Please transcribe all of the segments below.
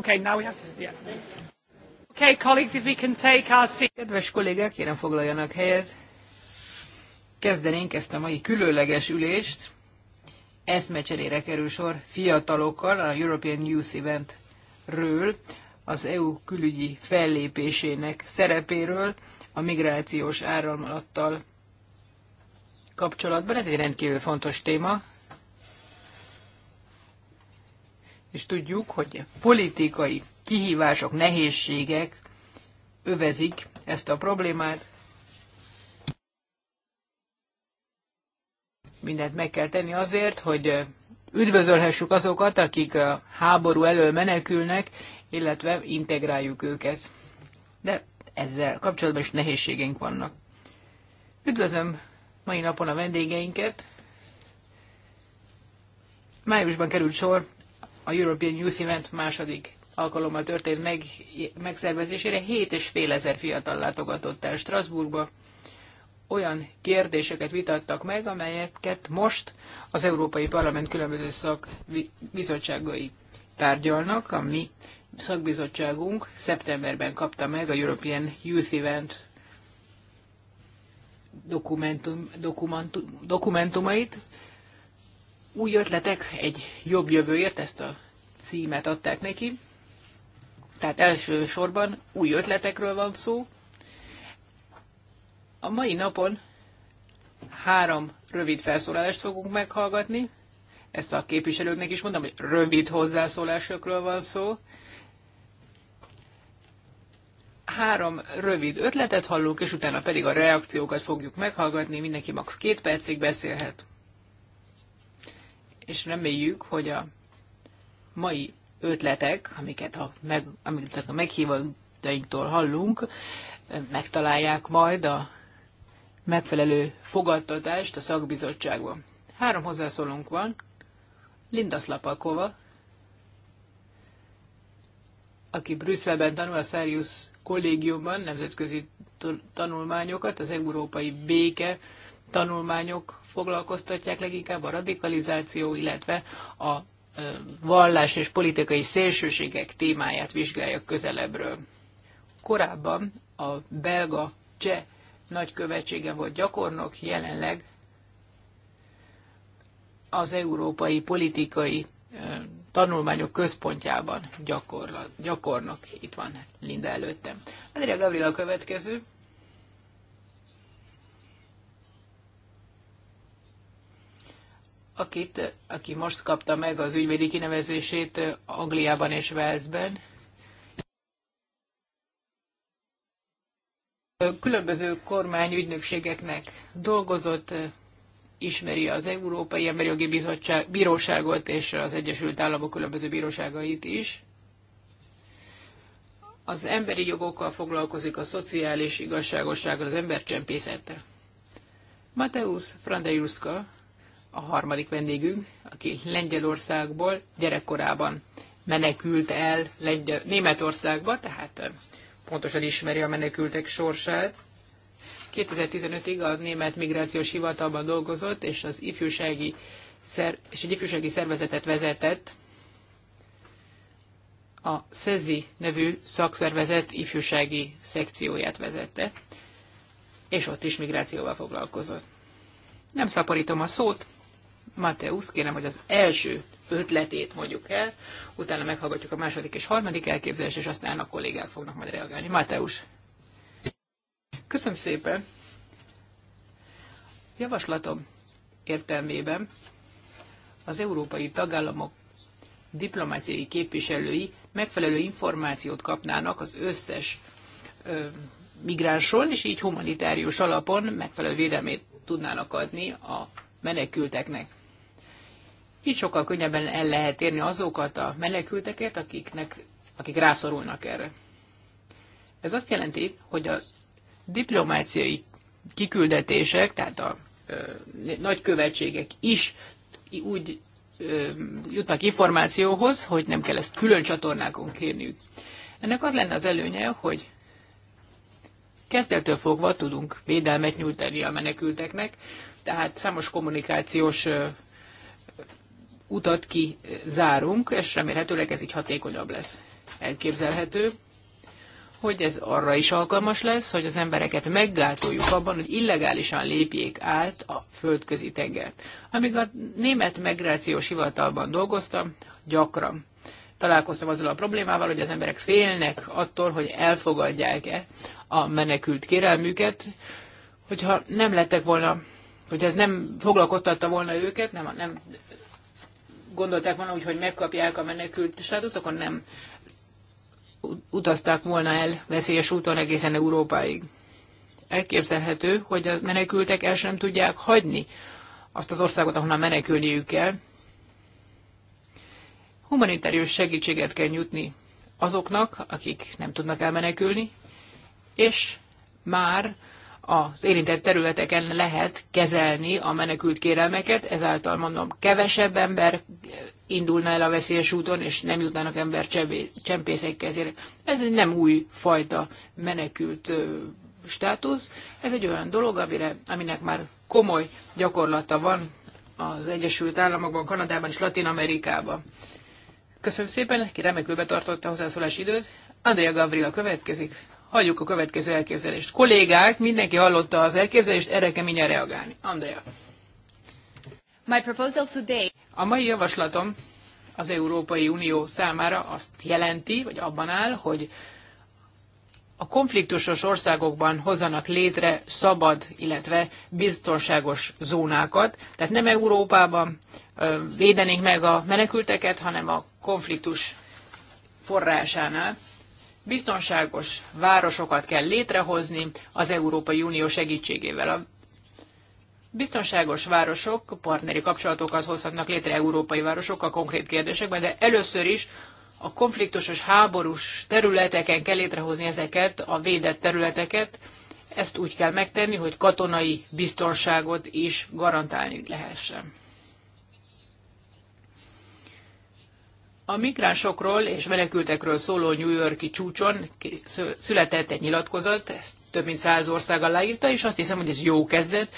Okay, now we have to... Yeah. Okay, colleagues, if we can take our seat. Kedves kollégák, kérem foglaljanak helyet. Kezdenénk ezt a mai különleges ülést. Eszmecserére kerül sor fiatalokkal a European Youth Eventről, az EU külügyi fellépésének szerepéről, a migrációs áramlattal kapcsolatban. Ez egy rendkívül fontos téma. és tudjuk, hogy politikai kihívások, nehézségek övezik ezt a problémát. Mindent meg kell tenni azért, hogy üdvözölhessük azokat, akik a háború elől menekülnek, illetve integráljuk őket. De ezzel kapcsolatban is nehézségeink vannak. Üdvözlöm mai napon a vendégeinket. Májusban került sor a European Youth Event második alkalommal történt meg, megszervezésére 7,5 ezer fiatal látogatott el Strasbourgba. Olyan kérdéseket vitattak meg, amelyeket most az Európai Parlament különböző szakbizottságai tárgyalnak. A mi szakbizottságunk szeptemberben kapta meg a European Youth Event dokumentum, dokumentum, dokumentumait, új ötletek egy jobb jövőért, ezt a címet adták neki. Tehát elsősorban új ötletekről van szó. A mai napon három rövid felszólalást fogunk meghallgatni. Ezt a képviselőknek is mondom, hogy rövid hozzászólásokról van szó. Három rövid ötletet hallunk, és utána pedig a reakciókat fogjuk meghallgatni. Mindenki max. két percig beszélhet és reméljük, hogy a mai ötletek, amiket a, meg, amiket a meghívóinktól hallunk, megtalálják majd a megfelelő fogadtatást a szakbizottságban. Három hozzászólónk van. Linda Szlapakova, aki Brüsszelben tanul a Szárius kollégiumban nemzetközi tanulmányokat, az európai béke tanulmányok foglalkoztatják leginkább a radikalizáció, illetve a vallás és politikai szélsőségek témáját vizsgálja közelebbről. Korábban a belga cseh nagykövetsége volt gyakornok, jelenleg az európai politikai tanulmányok központjában gyakorla, gyakornok. Itt van Linda előttem. Andrea Gavrila a következő. akit, aki most kapta meg az ügyvédi kinevezését Angliában és Walesben. Különböző kormányügynökségeknek dolgozott, ismeri az Európai Emberi Jogi Bizottság, Bíróságot és az Egyesült Államok különböző bíróságait is. Az emberi jogokkal foglalkozik a szociális igazságosság az embercsempészettel. Mateusz Frandejuszka, a harmadik vendégünk, aki Lengyelországból gyerekkorában menekült el Lengyel- Németországba, tehát pontosan ismeri a menekültek sorsát. 2015-ig a Német Migrációs Hivatalban dolgozott, és, az ifjúsági szer- és egy ifjúsági szervezetet vezetett, a SZEZI nevű szakszervezet ifjúsági szekcióját vezette, és ott is migrációval foglalkozott. Nem szaporítom a szót, Mateusz, kérem, hogy az első ötletét mondjuk el, utána meghallgatjuk a második és harmadik elképzelést, és aztán a kollégák fognak majd reagálni. Mateusz. Köszönöm szépen. Javaslatom értelmében az európai tagállamok diplomáciai képviselői megfelelő információt kapnának az összes ö, migránsról, és így humanitárius alapon megfelelő védelmét tudnának adni a menekülteknek. Így sokkal könnyebben el lehet érni azokat a menekülteket, akiknek, akik rászorulnak erre. Ez azt jelenti, hogy a diplomáciai kiküldetések, tehát a ö, nagykövetségek is úgy ö, jutnak információhoz, hogy nem kell ezt külön csatornákon kérniük. Ennek az lenne az előnye, hogy kezdettől fogva tudunk védelmet nyújtani a menekülteknek, tehát számos kommunikációs utat kizárunk, és remélhetőleg ez így hatékonyabb lesz. Elképzelhető, hogy ez arra is alkalmas lesz, hogy az embereket meggátoljuk abban, hogy illegálisan lépjék át a földközi tengert. Amíg a német migrációs hivatalban dolgoztam, gyakran találkoztam azzal a problémával, hogy az emberek félnek attól, hogy elfogadják-e a menekült kérelmüket, hogyha nem lettek volna, hogy ez nem foglalkoztatta volna őket, nem, nem gondolták volna úgy, hogy megkapják a menekült státusz, akkor nem utazták volna el veszélyes úton egészen Európáig. Elképzelhető, hogy a menekültek el sem tudják hagyni azt az országot, ahonnan menekülniük kell. Humanitárius segítséget kell nyújtni azoknak, akik nem tudnak elmenekülni, és már az érintett területeken lehet kezelni a menekült kérelmeket, ezáltal mondom, kevesebb ember indulna el a veszélyes úton, és nem jutnának ember csempészek kezére. Ez egy nem új fajta menekült státusz, ez egy olyan dolog, amire, aminek már komoly gyakorlata van az Egyesült Államokban, Kanadában és Latin Amerikában. Köszönöm szépen, ki remekül betartotta a hozzászólás időt. Andrea Gabriel következik. Hagyjuk a következő elképzelést. Kollégák, mindenki hallotta az elképzelést, erre kell mindjárt reagálni. Andrea. My proposal today. A mai javaslatom az Európai Unió számára azt jelenti, vagy abban áll, hogy a konfliktusos országokban hozzanak létre szabad, illetve biztonságos zónákat. Tehát nem Európában védenénk meg a menekülteket, hanem a konfliktus forrásánál. Biztonságos városokat kell létrehozni az Európai Unió segítségével. A biztonságos városok partneri kapcsolatokat hozhatnak létre európai városokkal konkrét kérdésekben, de először is a konfliktusos háborús területeken kell létrehozni ezeket, a védett területeket. Ezt úgy kell megtenni, hogy katonai biztonságot is garantálni lehessen. A migránsokról és menekültekről szóló New Yorki csúcson született egy nyilatkozat, ezt több mint száz ország aláírta, és azt hiszem, hogy ez jó kezdet.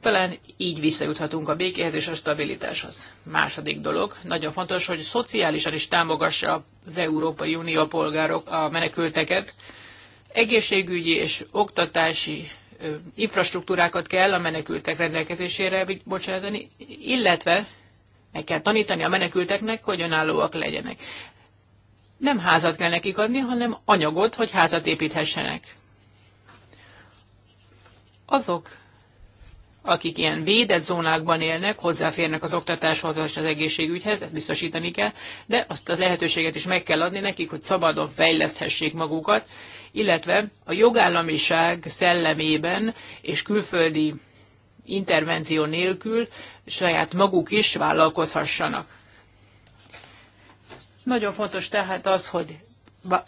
Talán így visszajuthatunk a békéhez és a stabilitáshoz. Második dolog, nagyon fontos, hogy szociálisan is támogassa az Európai Unió polgárok a menekülteket. Egészségügyi és oktatási infrastruktúrákat kell a menekültek rendelkezésére bocsátani, illetve meg kell tanítani a menekülteknek, hogy önállóak legyenek. Nem házat kell nekik adni, hanem anyagot, hogy házat építhessenek. Azok, akik ilyen védett zónákban élnek, hozzáférnek az oktatáshoz és az egészségügyhez, ezt biztosítani kell, de azt a lehetőséget is meg kell adni nekik, hogy szabadon fejleszthessék magukat, illetve a jogállamiság szellemében és külföldi intervenció nélkül saját maguk is vállalkozhassanak. Nagyon fontos tehát az, hogy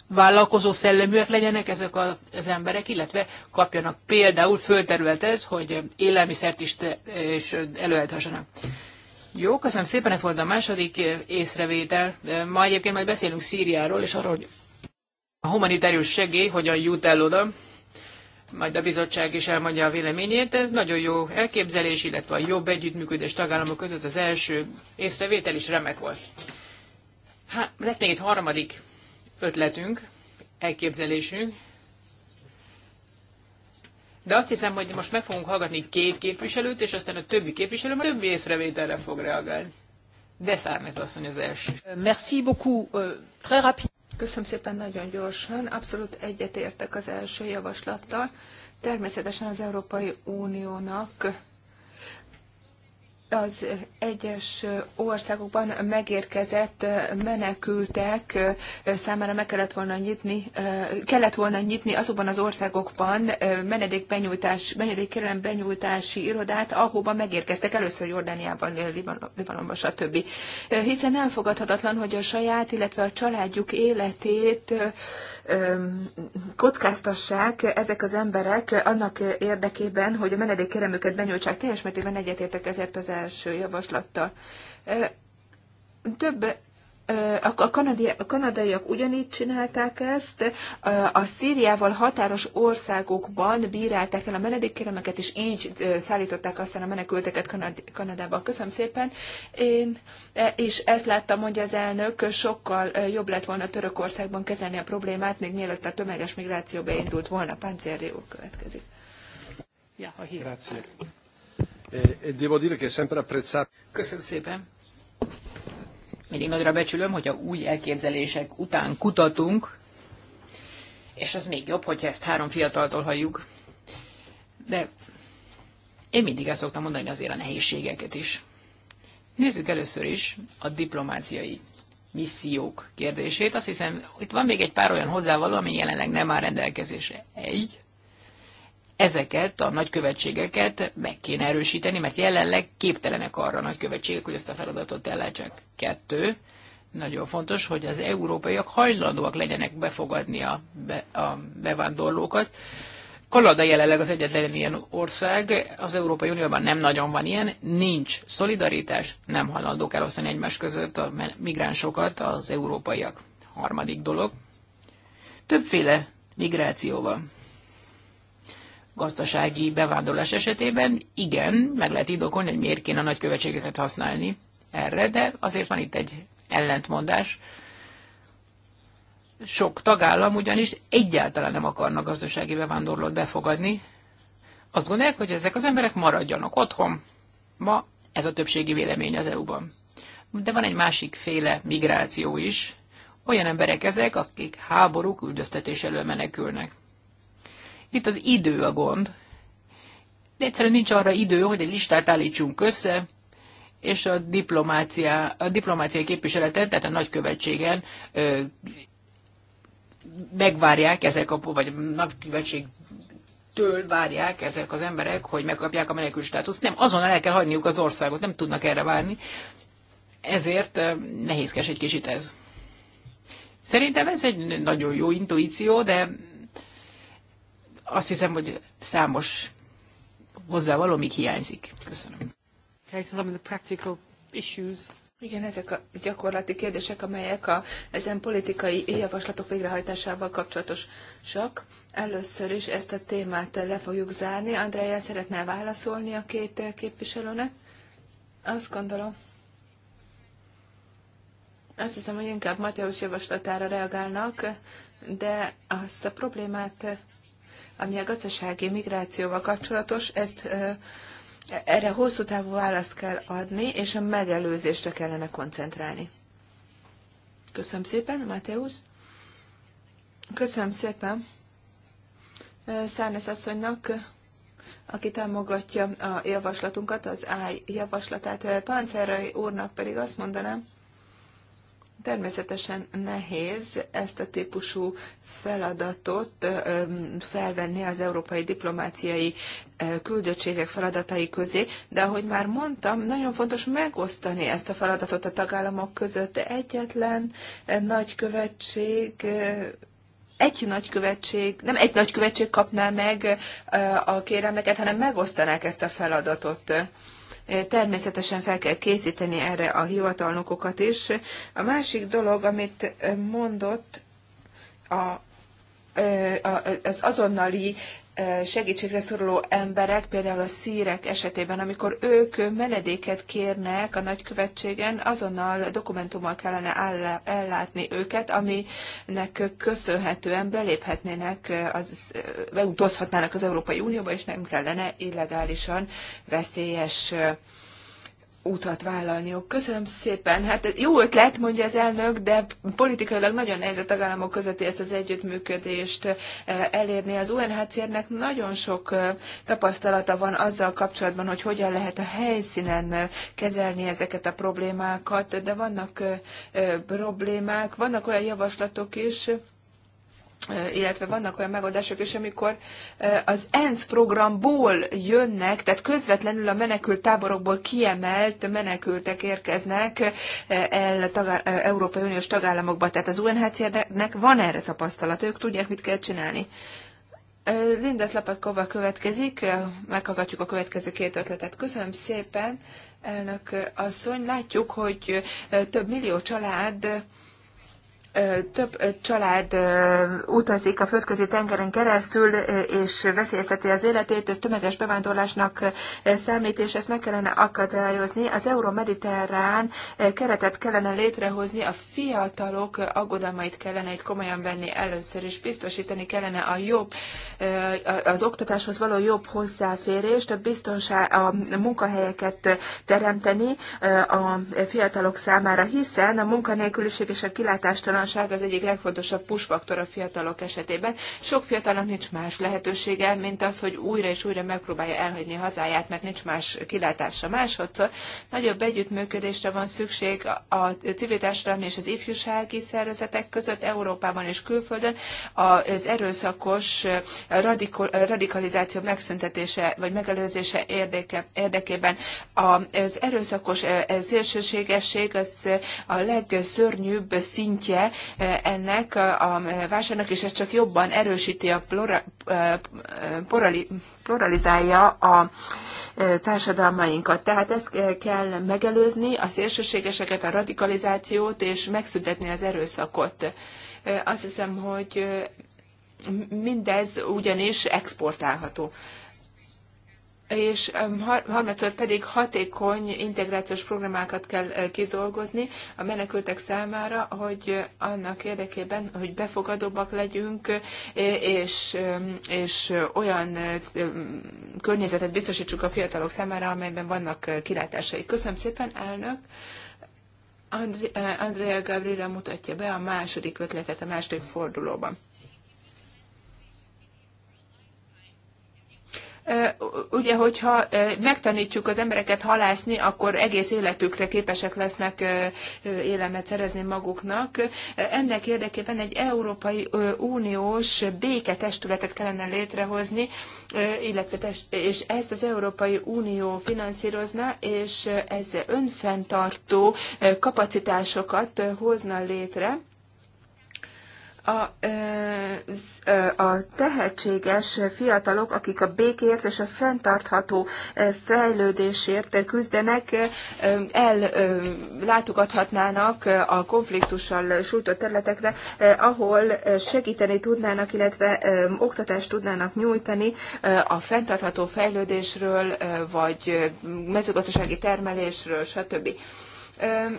vállalkozó szelleműek legyenek ezek az emberek, illetve kapjanak például földterületet, hogy élelmiszert is, is előállíthassanak. Jó, köszönöm szépen, ez volt a második eh, észrevétel. Eh, ma egyébként majd beszélünk Szíriáról, és arról, hogy a humanitárius segély hogyan jut el oda majd a bizottság is elmondja a véleményét. Ez nagyon jó elképzelés, illetve a jobb együttműködés tagállamok között az első észrevétel is remek volt. Há, lesz még egy harmadik ötletünk, elképzelésünk, de azt hiszem, hogy most meg fogunk hallgatni két képviselőt, és aztán a többi képviselő a többi észrevételre fog reagálni. De Szárnez asszony az első. Merci beaucoup. Euh, très rapide. Köszönöm szépen nagyon gyorsan. Abszolút egyetértek az első javaslattal. Természetesen az Európai Uniónak az egyes országokban megérkezett menekültek számára meg kellett volna nyitni, kellett volna nyitni azokban az országokban menedékbenyújtás, menedékkérelem benyújtási irodát, ahova megérkeztek először Jordániában, Libanonban, stb. Hiszen elfogadhatatlan, hogy a saját, illetve a családjuk életét kockáztassák ezek az emberek annak érdekében, hogy a menedékkéremüket benyújtsák. Teljes mértékben egyetértek ezért az első javaslattal. Több a, kanadi, a kanadaiak ugyanígy csinálták ezt, a Szíriával határos országokban bírálták el a menedékkéremeket, és így szállították aztán a menekülteket Kanad, Kanadába. Köszönöm szépen. Én e, és ezt láttam, mondja az elnök, sokkal jobb lett volna Törökországban kezelni a problémát, még mielőtt a tömeges migráció beindult volna. Páncéri úr következik. Ja, a Grazie. E, e devo dire che sempre apprezzato. Köszönöm szépen mindig nagyra becsülöm, a új elképzelések után kutatunk, és az még jobb, hogyha ezt három fiataltól halljuk. De én mindig azt szoktam mondani azért a nehézségeket is. Nézzük először is a diplomáciai missziók kérdését. Azt hiszem, itt van még egy pár olyan hozzávaló, ami jelenleg nem áll rendelkezésre. Egy, ezeket a nagykövetségeket meg kéne erősíteni, mert jelenleg képtelenek arra a nagykövetségek, hogy ezt a feladatot ellátsák. Kettő, nagyon fontos, hogy az európaiak hajlandóak legyenek befogadni a, be, a bevándorlókat. Kanada jelenleg az egyetlen ilyen ország, az Európai Unióban nem nagyon van ilyen, nincs szolidaritás, nem hajlandók elosztani egymás között a migránsokat az európaiak. Harmadik dolog, többféle migrációval gazdasági bevándorlás esetében igen, meg lehet indokolni, hogy miért kéne a nagykövetségeket használni erre, de azért van itt egy ellentmondás. Sok tagállam ugyanis egyáltalán nem akarnak gazdasági bevándorlót befogadni. Azt gondolják, hogy ezek az emberek maradjanak otthon. Ma ez a többségi vélemény az EU-ban. De van egy másik féle migráció is. Olyan emberek ezek, akik háborúk üldöztetés elől menekülnek. Itt az idő a gond. De egyszerűen nincs arra idő, hogy egy listát állítsunk össze, és a, diplomácia, a diplomáciai képviseleten, tehát a nagykövetségen ö, megvárják ezek a, vagy a nagykövetség től várják ezek az emberek, hogy megkapják a menekül státuszt. Nem, azonnal el kell hagyniuk az országot, nem tudnak erre várni. Ezért nehézkes egy kicsit ez. Szerintem ez egy nagyon jó intuíció, de azt hiszem, hogy számos hozzávaló még hiányzik. Köszönöm. Okay, so some of the practical issues igen, ezek a gyakorlati kérdések, amelyek a, ezen politikai javaslatok végrehajtásával kapcsolatosak. Először is ezt a témát le fogjuk zárni. Andrea szeretne válaszolni a két képviselőnek? Azt gondolom. Azt hiszem, hogy inkább Mateusz javaslatára reagálnak, de azt a problémát ami a gazdasági migrációval kapcsolatos, ezt erre hosszú távú választ kell adni, és a megelőzésre kellene koncentrálni. Köszönöm szépen, Mateusz. Köszönöm szépen Szárnes asszonynak, aki támogatja a javaslatunkat, az áj javaslatát. Páncerai úrnak pedig azt mondanám, Természetesen nehéz ezt a típusú feladatot felvenni az európai diplomáciai küldöttségek feladatai közé, de ahogy már mondtam, nagyon fontos megosztani ezt a feladatot a tagállamok között. Egyetlen nagykövetség egy nagykövetség, nem egy nagykövetség kapná meg a kérelmeket, hanem megosztanák ezt a feladatot. Természetesen fel kell készíteni erre a hivatalnokokat is. A másik dolog, amit mondott, a az azonnali segítségre szoruló emberek, például a szírek esetében, amikor ők menedéket kérnek a nagykövetségen, azonnal dokumentummal kellene ellátni őket, aminek köszönhetően beléphetnének, az, beutazhatnának az Európai Unióba, és nem kellene illegálisan veszélyes útat vállalniuk. Köszönöm szépen. Hát jó ötlet, mondja az elnök, de politikailag nagyon nehéz a tagállamok közötti ezt az együttműködést eh, elérni. Az UNHCR-nek nagyon sok eh, tapasztalata van azzal kapcsolatban, hogy hogyan lehet a helyszínen eh, kezelni ezeket a problémákat, de vannak problémák, vannak olyan javaslatok is, illetve vannak olyan megoldások is, amikor az ENSZ programból jönnek, tehát közvetlenül a menekült táborokból kiemelt menekültek érkeznek el tagá- Európai Uniós tagállamokba. Tehát az UNHCR-nek van erre tapasztalat, ők tudják, mit kell csinálni. Linda Lapatkova következik, meghallgatjuk a következő két ötletet. Köszönöm szépen, elnök asszony. Látjuk, hogy több millió család több család utazik a földközi tengeren keresztül, és veszélyezteti az életét, ez tömeges bevándorlásnak számít, és ezt meg kellene akadályozni. Az euromediterrán keretet kellene létrehozni, a fiatalok aggodalmait kellene itt komolyan venni először, és biztosítani kellene a jobb, az oktatáshoz való jobb hozzáférést, a, biztonság, a munkahelyeket teremteni a fiatalok számára, hiszen a munkanélküliség és a kilátástalan bizonytalanság az egyik legfontosabb push a fiatalok esetében. Sok fiatalnak nincs más lehetősége, mint az, hogy újra és újra megpróbálja elhagyni hazáját, mert nincs más kilátása másodszor. Nagyobb együttműködésre van szükség a civil társadalmi és az ifjúsági szervezetek között, Európában és külföldön. Az erőszakos radikalizáció megszüntetése vagy megelőzése érdeke, érdekében az erőszakos eh, szélsőségesség az a legszörnyűbb szintje ennek a vásárnak, és ez csak jobban erősíti a pluralizálja a társadalmainkat. Tehát ezt kell megelőzni, a szélsőségeseket, a radikalizációt, és megszüntetni az erőszakot. Azt hiszem, hogy mindez ugyanis exportálható és harmadszor pedig hatékony integrációs programákat kell eh, kidolgozni a menekültek számára, hogy annak érdekében, hogy befogadóbbak legyünk, eh, és, és olyan eh, környezetet biztosítsuk a fiatalok számára, amelyben vannak kilátásai. Köszönöm szépen, elnök! Andrea Gabriela mutatja be a második ötletet a második fordulóban. ugye, hogyha megtanítjuk az embereket halászni, akkor egész életükre képesek lesznek élemet szerezni maguknak. Ennek érdekében egy Európai Uniós béketestületet kellene létrehozni, illetve test, és ezt az Európai Unió finanszírozna, és ez önfenntartó kapacitásokat hozna létre a, a tehetséges fiatalok, akik a békért és a fenntartható fejlődésért küzdenek, ellátogathatnának a konfliktussal sújtott területekre, ahol segíteni tudnának, illetve oktatást tudnának nyújtani a fenntartható fejlődésről, vagy mezőgazdasági termelésről, stb.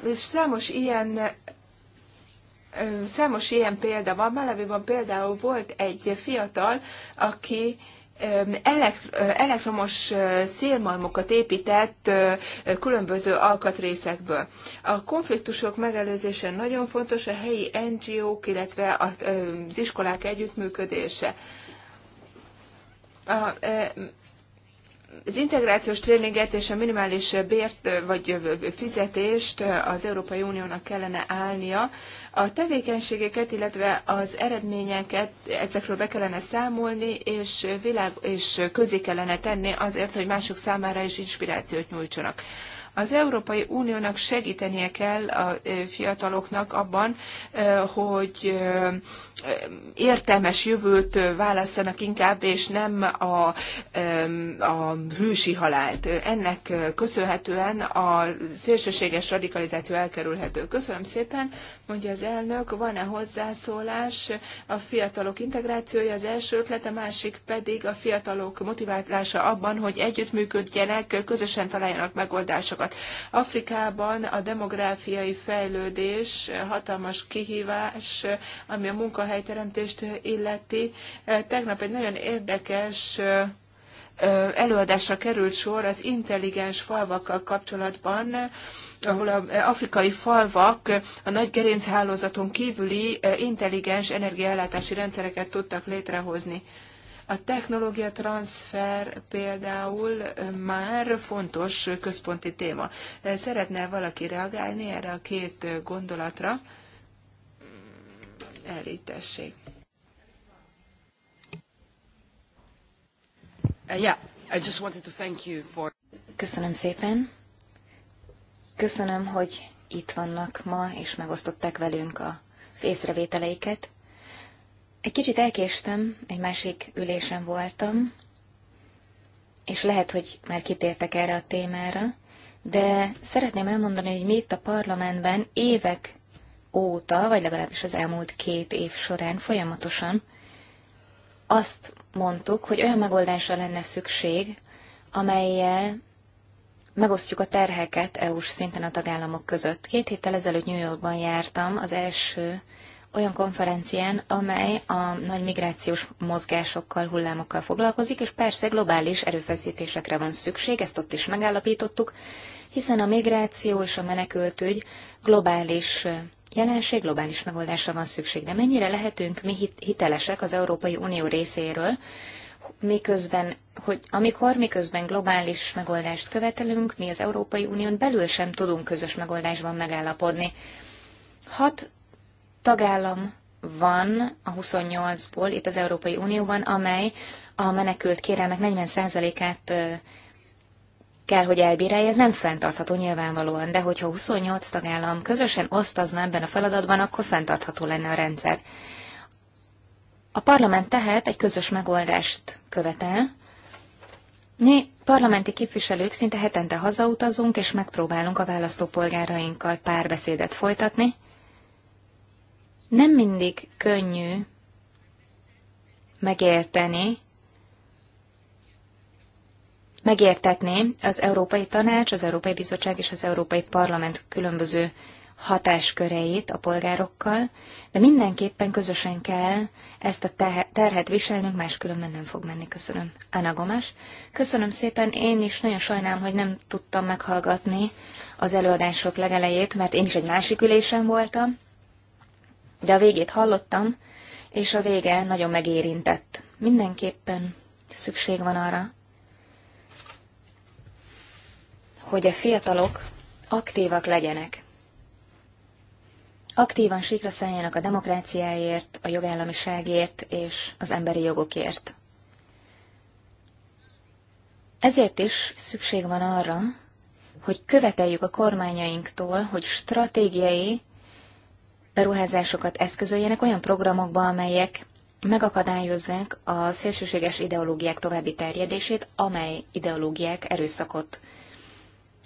És számos ilyen Számos ilyen példa van. Malaviban például volt egy fiatal, aki elektromos szélmalmokat épített különböző alkatrészekből. A konfliktusok megelőzése nagyon fontos, a helyi NGO-k, illetve az iskolák együttműködése. A az integrációs tréninget és a minimális bért vagy fizetést az Európai Uniónak kellene állnia. A tevékenységeket, illetve az eredményeket, ezekről be kellene számolni, és, világ, és közé kellene tenni azért, hogy mások számára is inspirációt nyújtsanak. Az Európai Uniónak segítenie kell a fiataloknak abban, hogy értelmes jövőt válasszanak inkább, és nem a, a hősi halált. Ennek köszönhetően a szélsőséges radikalizáció elkerülhető. Köszönöm szépen, mondja az elnök, van-e hozzászólás a fiatalok integrációja az első ötlet, a másik pedig a fiatalok motiválása abban, hogy együttműködjenek, közösen találjanak megoldásokat. Afrikában a demográfiai fejlődés hatalmas kihívás, ami a munkahelyteremtést illeti. Tegnap egy nagyon érdekes előadásra került sor az intelligens falvakkal kapcsolatban, ahol a afrikai falvak a nagy gerinchálózaton kívüli eh, intelligens energiaellátási rendszereket tudtak létrehozni. A technológia transfer például eh, már fontos központi téma. Eh, szeretne valaki reagálni erre a két gondolatra? Elítessék. Uh, yeah, I just wanted to thank you for... Köszönöm szépen. Köszönöm, hogy itt vannak ma, és megosztották velünk az észrevételeiket. Egy kicsit elkéstem, egy másik ülésen voltam, és lehet, hogy már kitértek erre a témára, de szeretném elmondani, hogy mi itt a parlamentben évek óta, vagy legalábbis az elmúlt két év során folyamatosan azt mondtuk, hogy olyan megoldásra lenne szükség, amelyel megosztjuk a terheket EU-s szinten a tagállamok között. Két héttel ezelőtt New Yorkban jártam az első olyan konferencián, amely a nagy migrációs mozgásokkal, hullámokkal foglalkozik, és persze globális erőfeszítésekre van szükség, ezt ott is megállapítottuk, hiszen a migráció és a menekültügy globális jelenség, globális megoldásra van szükség. De mennyire lehetünk mi hitelesek az Európai Unió részéről, miközben, hogy amikor miközben globális megoldást követelünk, mi az Európai Unión belül sem tudunk közös megoldásban megállapodni. Hat tagállam van a 28-ból itt az Európai Unióban, amely a menekült kérelmek 40%-át kell, hogy elbírálja, ez nem fenntartható nyilvánvalóan, de hogyha 28 tagállam közösen osztazna ebben a feladatban, akkor fenntartható lenne a rendszer. A parlament tehát egy közös megoldást követel. Mi parlamenti képviselők szinte hetente hazautazunk, és megpróbálunk a választópolgárainkkal párbeszédet folytatni. Nem mindig könnyű megérteni, megértetni az Európai Tanács, az Európai Bizottság és az Európai Parlament különböző hatásköreit a polgárokkal, de mindenképpen közösen kell ezt a terhet viselnünk, máskülönben nem fog menni. Köszönöm. Anna Gomás. Köszönöm szépen. Én is nagyon sajnálom, hogy nem tudtam meghallgatni az előadások legelejét, mert én is egy másik ülésen voltam, de a végét hallottam, és a vége nagyon megérintett. Mindenképpen szükség van arra, hogy a fiatalok aktívak legyenek aktívan sikra szálljanak a demokráciáért, a jogállamiságért és az emberi jogokért. Ezért is szükség van arra, hogy követeljük a kormányainktól, hogy stratégiai beruházásokat eszközöljenek olyan programokba, amelyek megakadályozzák a szélsőséges ideológiák további terjedését, amely ideológiák erőszakot,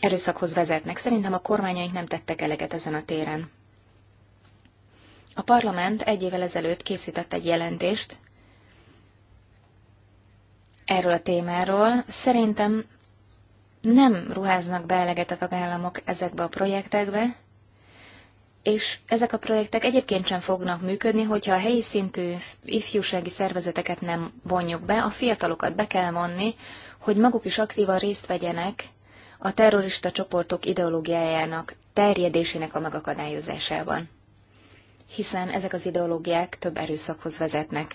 erőszakhoz vezetnek. Szerintem a kormányaink nem tettek eleget ezen a téren. A parlament egy évvel ezelőtt készített egy jelentést erről a témáról. Szerintem nem ruháznak be eleget a tagállamok ezekbe a projektekbe, és ezek a projektek egyébként sem fognak működni, hogyha a helyi szintű ifjúsági szervezeteket nem vonjuk be, a fiatalokat be kell vonni, hogy maguk is aktívan részt vegyenek a terrorista csoportok ideológiájának terjedésének a megakadályozásában hiszen ezek az ideológiák több erőszakhoz vezetnek.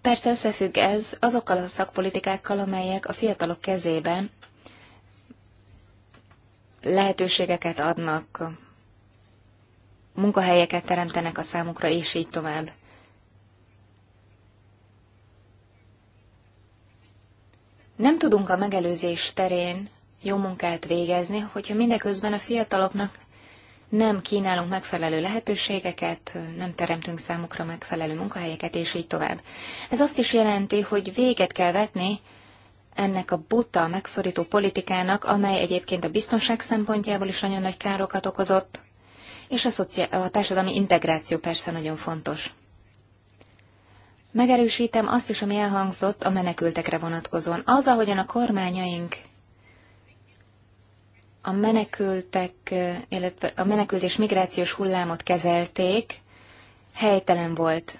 Persze összefügg ez azokkal a szakpolitikákkal, amelyek a fiatalok kezében lehetőségeket adnak, munkahelyeket teremtenek a számukra, és így tovább. Nem tudunk a megelőzés terén jó munkát végezni, hogyha mindeközben a fiataloknak nem kínálunk megfelelő lehetőségeket, nem teremtünk számukra megfelelő munkahelyeket, és így tovább. Ez azt is jelenti, hogy véget kell vetni ennek a buta, megszorító politikának, amely egyébként a biztonság szempontjából is nagyon nagy károkat okozott, és a, szoci- a társadalmi integráció persze nagyon fontos. Megerősítem azt is, ami elhangzott a menekültekre vonatkozóan. Az, ahogyan a kormányaink a menekültek, illetve a menekült és migrációs hullámot kezelték, helytelen volt.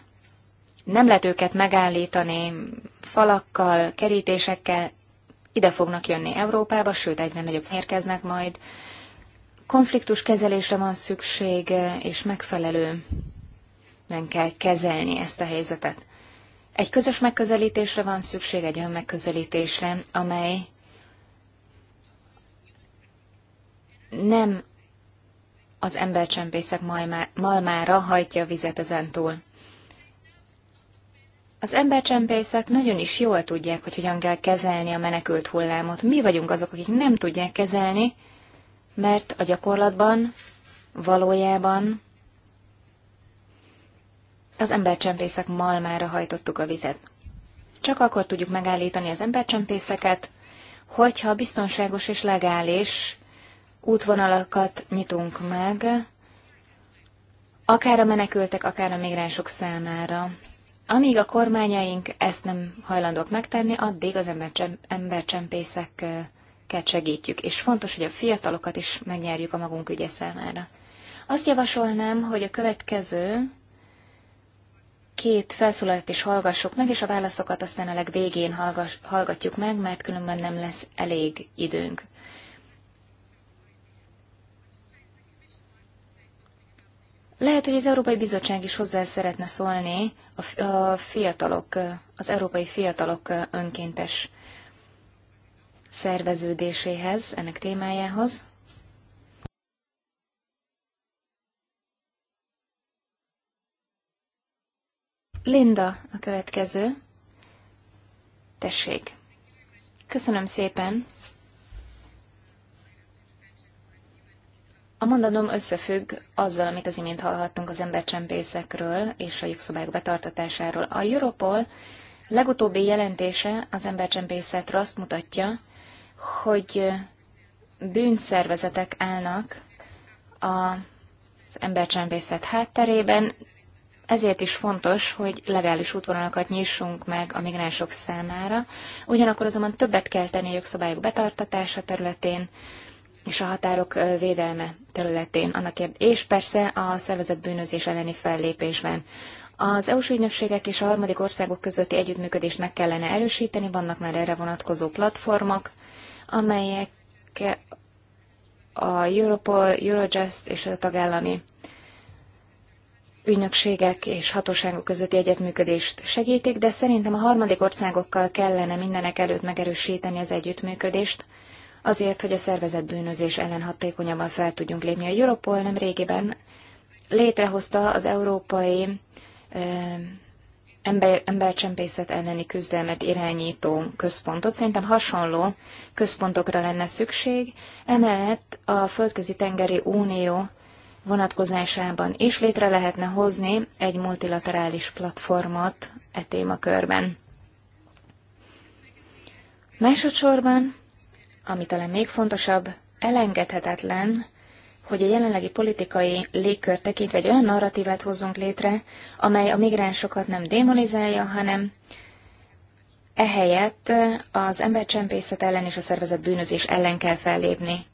Nem lehet őket megállítani falakkal, kerítésekkel, ide fognak jönni Európába, sőt egyre nagyobb érkeznek majd. Konfliktus kezelésre van szükség, és megfelelően kell kezelni ezt a helyzetet. Egy közös megközelítésre van szükség, egy olyan megközelítésre, amely nem az embercsempészek malmára hajtja a vizet ezentúl. Az embercsempészek nagyon is jól tudják, hogy hogyan kell kezelni a menekült hullámot. Mi vagyunk azok, akik nem tudják kezelni, mert a gyakorlatban, valójában az embercsempészek malmára hajtottuk a vizet. Csak akkor tudjuk megállítani az embercsempészeket, hogyha biztonságos és legális útvonalakat nyitunk meg, akár a menekültek, akár a migránsok számára. Amíg a kormányaink ezt nem hajlandók megtenni, addig az embercsempészeket segítjük, és fontos, hogy a fiatalokat is megnyerjük a magunk ügye számára. Azt javasolnám, hogy a következő két felszólalat is hallgassuk meg, és a válaszokat aztán a legvégén hallgass, hallgatjuk meg, mert különben nem lesz elég időnk. Lehet, hogy az Európai Bizottság is hozzá szeretne szólni a fiatalok, az európai fiatalok önkéntes szerveződéséhez, ennek témájához. Linda a következő. Tessék. Köszönöm szépen. A mondanom összefügg azzal, amit az imént hallhattunk az embercsempészekről és a jogszabályok betartatásáról. A Europol legutóbbi jelentése az embercsempészetről azt mutatja, hogy bűnszervezetek állnak az embercsempészet hátterében, ezért is fontos, hogy legális útvonalakat nyissunk meg a migránsok számára, ugyanakkor azonban többet kell tenni a jogszabályok betartatása területén, és a határok védelme területén, annak ér- és persze a szervezett bűnözés elleni fellépésben. Az EU-s ügynökségek és a harmadik országok közötti együttműködést meg kellene erősíteni, vannak már erre vonatkozó platformok, amelyek a Europol, Eurojust és a tagállami ügynökségek és hatóságok közötti együttműködést segítik, de szerintem a harmadik országokkal kellene mindenek előtt megerősíteni az együttműködést, azért, hogy a szervezett bűnözés ellen hatékonyabban fel tudjunk lépni. A Europol nem régiben létrehozta az európai ember, embercsempészet elleni küzdelmet irányító központot. Szerintem hasonló központokra lenne szükség. Emellett a Földközi Tengeri Unió vonatkozásában is létre lehetne hozni egy multilaterális platformot e témakörben. Másodszorban ami talán még fontosabb, elengedhetetlen, hogy a jelenlegi politikai légkör tekintve egy olyan narratívát hozzunk létre, amely a migránsokat nem démonizálja, hanem ehelyett az embercsempészet ellen és a szervezet bűnözés ellen kell fellépni.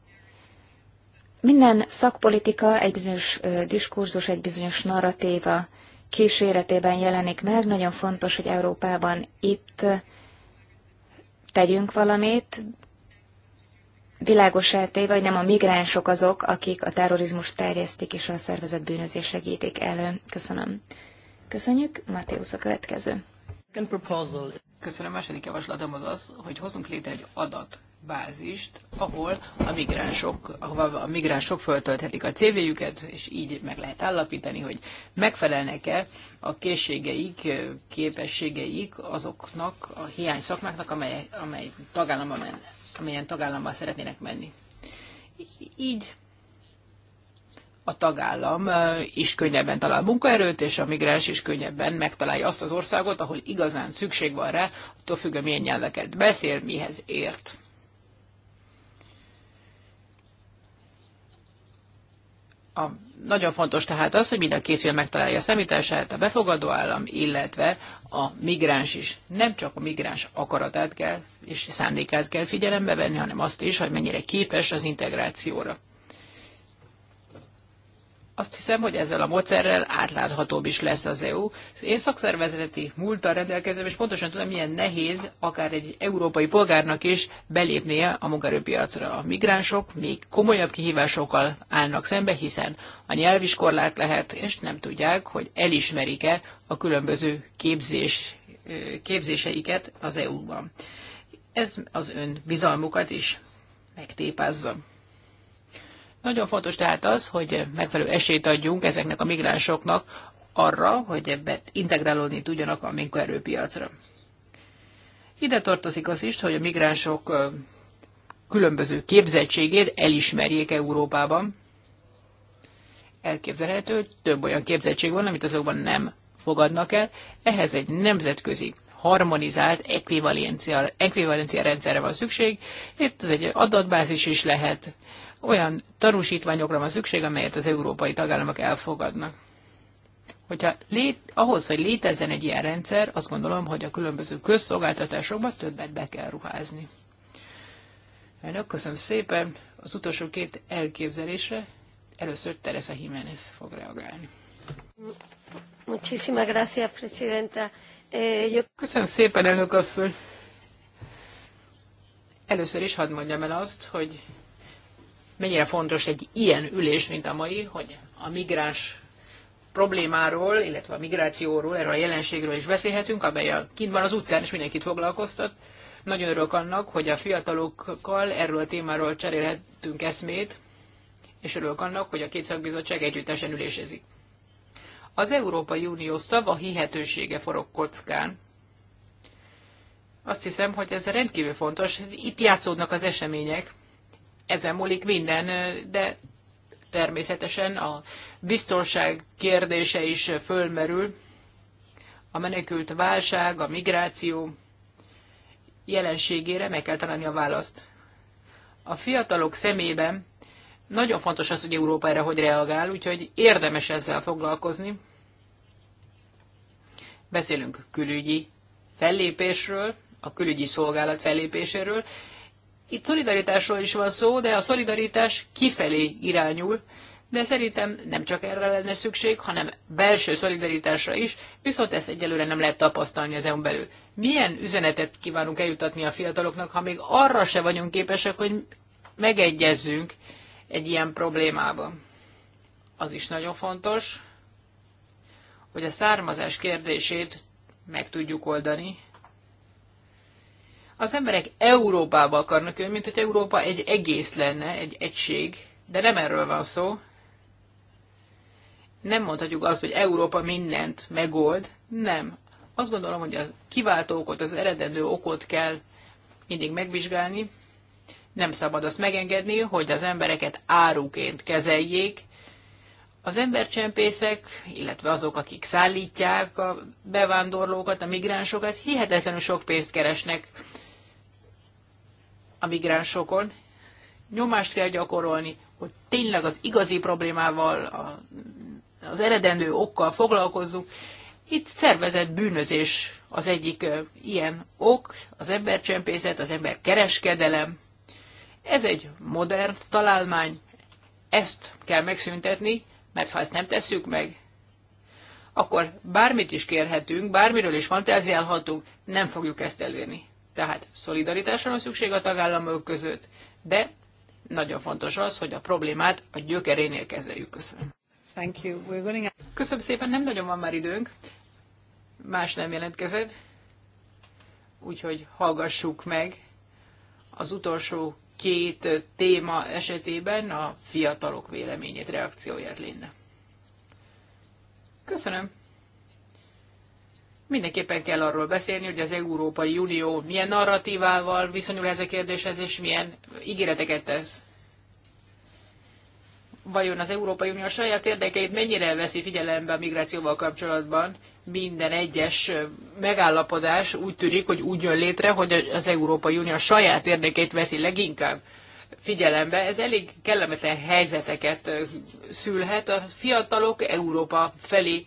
Minden szakpolitika egy bizonyos diskurzus, egy bizonyos narratíva kíséretében jelenik meg. Nagyon fontos, hogy Európában itt tegyünk valamit, világos eltéve, hogy nem a migránsok azok, akik a terrorizmus terjesztik és a szervezet bűnözés segítik elő. Köszönöm. Köszönjük. Matéusz a következő. Köszönöm. Második javaslatom az az, hogy hozunk létre egy adatbázist, ahol a migránsok, ahova a migránsok föltölthetik a CV-jüket, és így meg lehet állapítani, hogy megfelelnek-e a készségeik, képességeik azoknak a hiány szakmáknak, amely, amely tagállamban amilyen tagállamba szeretnének menni. Így a tagállam is könnyebben talál munkaerőt, és a migráns is könnyebben megtalálja azt az országot, ahol igazán szükség van rá, attól függően milyen nyelveket beszél, mihez ért. a, nagyon fontos tehát az, hogy mind a két fél megtalálja a szemítását, a befogadó állam, illetve a migráns is. Nem csak a migráns akaratát kell és szándékát kell figyelembe venni, hanem azt is, hogy mennyire képes az integrációra azt hiszem, hogy ezzel a módszerrel átláthatóbb is lesz az EU. Én szakszervezeti múltal rendelkezem, és pontosan tudom, milyen nehéz akár egy európai polgárnak is belépnie a munkaerőpiacra. A migránsok még komolyabb kihívásokkal állnak szembe, hiszen a nyelv is korlát lehet, és nem tudják, hogy elismerik-e a különböző képzés, képzéseiket az EU-ban. Ez az ön bizalmukat is megtépázza. Nagyon fontos tehát az, hogy megfelelő esélyt adjunk ezeknek a migránsoknak arra, hogy ebbe integrálódni tudjanak a minkaerőpiacra. Ide tartozik az is, hogy a migránsok különböző képzettségét elismerjék Európában. Elképzelhető, hogy több olyan képzettség van, amit azokban nem fogadnak el. Ehhez egy nemzetközi harmonizált ekvivalencia, ekvivalencia rendszerre van szükség. Itt ez egy adatbázis is lehet, olyan tanúsítványokra van szükség, amelyet az európai tagállamok elfogadnak. Hogyha lét, ahhoz, hogy létezzen egy ilyen rendszer, azt gondolom, hogy a különböző közszolgáltatásokban többet be kell ruházni. Elnök, köszönöm szépen. Az utolsó két elképzelésre először Teresa Jiménez fog reagálni. Muchísimas gracias, presidenta. Eh, köszönöm szépen, elnök asszony. Először is hadd mondjam el azt, hogy mennyire fontos egy ilyen ülés, mint a mai, hogy a migráns problémáról, illetve a migrációról, erről a jelenségről is beszélhetünk, amely a, kint van az utcán, és mindenkit foglalkoztat. Nagyon örülök annak, hogy a fiatalokkal erről a témáról cserélhetünk eszmét, és örülök annak, hogy a két szakbizottság együttesen ülésezik. Az Európai Unió szava hihetősége forog kockán. Azt hiszem, hogy ez rendkívül fontos. Itt játszódnak az események, ezen múlik minden, de természetesen a biztonság kérdése is fölmerül. A menekült válság, a migráció jelenségére meg kell találni a választ. A fiatalok szemében nagyon fontos az, hogy Európa erre hogy reagál, úgyhogy érdemes ezzel foglalkozni. Beszélünk külügyi fellépésről, a külügyi szolgálat fellépéséről, itt szolidaritásról is van szó, de a szolidaritás kifelé irányul, de szerintem nem csak erre lenne szükség, hanem belső szolidaritásra is, viszont ezt egyelőre nem lehet tapasztalni az EU-n belül. Milyen üzenetet kívánunk eljutatni a fiataloknak, ha még arra se vagyunk képesek, hogy megegyezzünk egy ilyen problémában? Az is nagyon fontos, hogy a származás kérdését meg tudjuk oldani, az emberek Európába akarnak jönni, mint hogy Európa egy egész lenne, egy egység, de nem erről van szó. Nem mondhatjuk azt, hogy Európa mindent megold, nem. Azt gondolom, hogy a kiváltó okot, az eredendő okot kell mindig megvizsgálni. Nem szabad azt megengedni, hogy az embereket áruként kezeljék, az embercsempészek, illetve azok, akik szállítják a bevándorlókat, a migránsokat, hihetetlenül sok pénzt keresnek a migránsokon, nyomást kell gyakorolni, hogy tényleg az igazi problémával, a, az eredendő okkal foglalkozzunk. Itt szervezett bűnözés az egyik ilyen ok, az embercsempészet, az ember kereskedelem. Ez egy modern találmány, ezt kell megszüntetni, mert ha ezt nem tesszük meg, akkor bármit is kérhetünk, bármiről is fantáziálhatunk, nem fogjuk ezt elérni. Tehát szolidaritásra van szükség a tagállamok között, de nagyon fontos az, hogy a problémát a gyökerénél kezeljük. Köszönöm. Thank you. We're going... Köszönöm szépen, nem nagyon van már időnk. Más nem jelentkezett. Úgyhogy hallgassuk meg az utolsó két téma esetében a fiatalok véleményét, reakcióját, lenne. Köszönöm. Mindenképpen kell arról beszélni, hogy az Európai Unió milyen narratívával viszonyul ez a kérdéshez, és milyen ígéreteket tesz. Vajon az Európai Unió saját érdekeit mennyire veszi figyelembe a migrációval kapcsolatban? Minden egyes megállapodás úgy tűnik, hogy úgy jön létre, hogy az Európai Unió saját érdekeit veszi leginkább figyelembe. Ez elég kellemetlen helyzeteket szülhet. A fiatalok Európa felé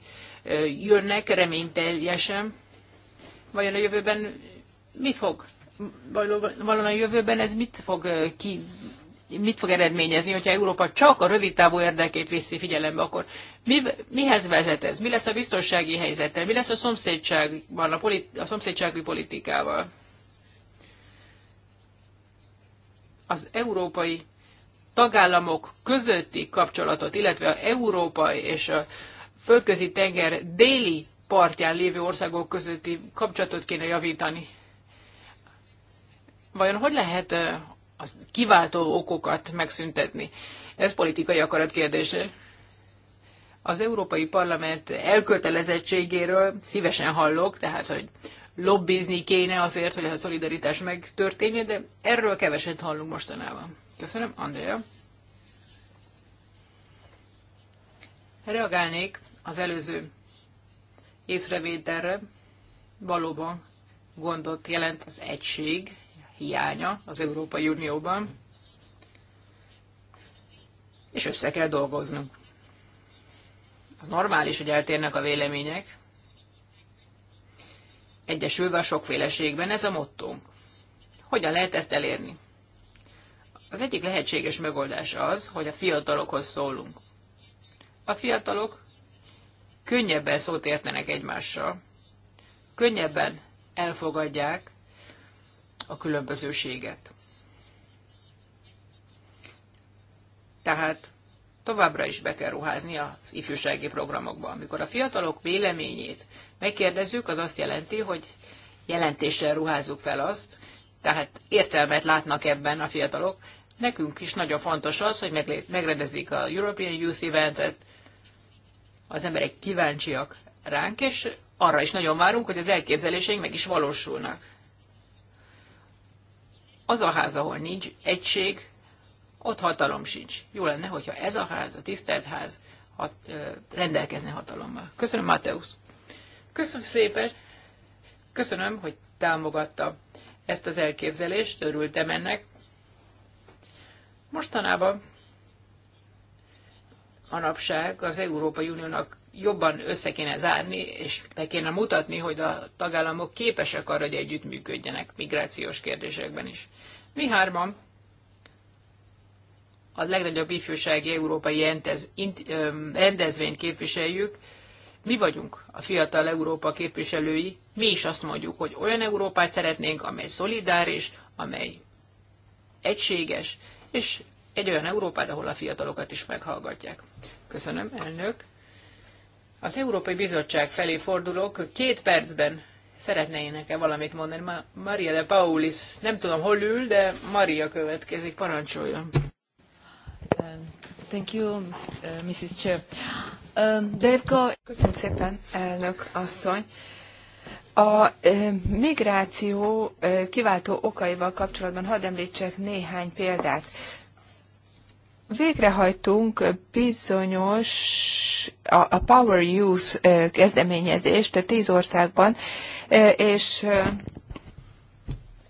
jönnek reményteljesen. Vajon a jövőben mit fog? Valóban a jövőben ez mit fog ki, mit fog eredményezni, hogyha Európa csak a rövid távú érdekét viszi figyelembe, akkor mi, mihez vezet ez? Mi lesz a biztonsági helyzettel? Mi lesz a szomszédságban, a, politi- a szomszédsági politikával? Az európai tagállamok közötti kapcsolatot, illetve a Európa és a, földközi tenger déli partján lévő országok közötti kapcsolatot kéne javítani. Vajon hogy lehet a kiváltó okokat megszüntetni? Ez politikai akarat kérdése. Az Európai Parlament elkötelezettségéről szívesen hallok, tehát hogy lobbizni kéne azért, hogy a szolidaritás megtörténjen, de erről keveset hallunk mostanában. Köszönöm, Andrea. Reagálnék az előző észrevételre valóban gondot jelent az egység hiánya az Európai Unióban, és össze kell dolgoznunk. Az normális, hogy eltérnek a vélemények. Egyesülve a sokféleségben, ez a mottónk. Hogyan lehet ezt elérni? Az egyik lehetséges megoldás az, hogy a fiatalokhoz szólunk. A fiatalok könnyebben szót értenek egymással, könnyebben elfogadják a különbözőséget. Tehát továbbra is be kell ruházni az ifjúsági programokba. Amikor a fiatalok véleményét megkérdezzük, az azt jelenti, hogy jelentéssel ruházzuk fel azt, tehát értelmet látnak ebben a fiatalok. Nekünk is nagyon fontos az, hogy megrendezik a European Youth Eventet, az emberek kíváncsiak ránk, és arra is nagyon várunk, hogy az elképzeléseink meg is valósulnak. Az a ház, ahol nincs egység, ott hatalom sincs. Jó lenne, hogyha ez a ház, a tisztelt ház hat, ö, rendelkezne hatalommal. Köszönöm, Mateusz. Köszönöm szépen. Köszönöm, hogy támogatta ezt az elképzelést, örültem ennek. Mostanában manapság az Európai Uniónak jobban össze kéne zárni, és be kéne mutatni, hogy a tagállamok képesek arra, hogy együttműködjenek migrációs kérdésekben is. Mi hárman a legnagyobb ifjúsági európai rendez, int, ö, rendezvényt képviseljük, mi vagyunk a fiatal Európa képviselői, mi is azt mondjuk, hogy olyan Európát szeretnénk, amely szolidáris, amely egységes, és egy olyan Európát, ahol a fiatalokat is meghallgatják. Köszönöm, elnök. Az Európai Bizottság felé fordulok. Két percben szeretnének nekem valamit mondani? Ma Maria de Paulis, nem tudom hol ül, de Maria következik, parancsoljon. Um, thank you, uh, Mrs. Chair. Um, hát Köszönöm szépen, elnök asszony. A migráció kiváltó okaival kapcsolatban hadd említsek néhány példát végrehajtunk bizonyos a, a Power Youth kezdeményezést tíz országban, és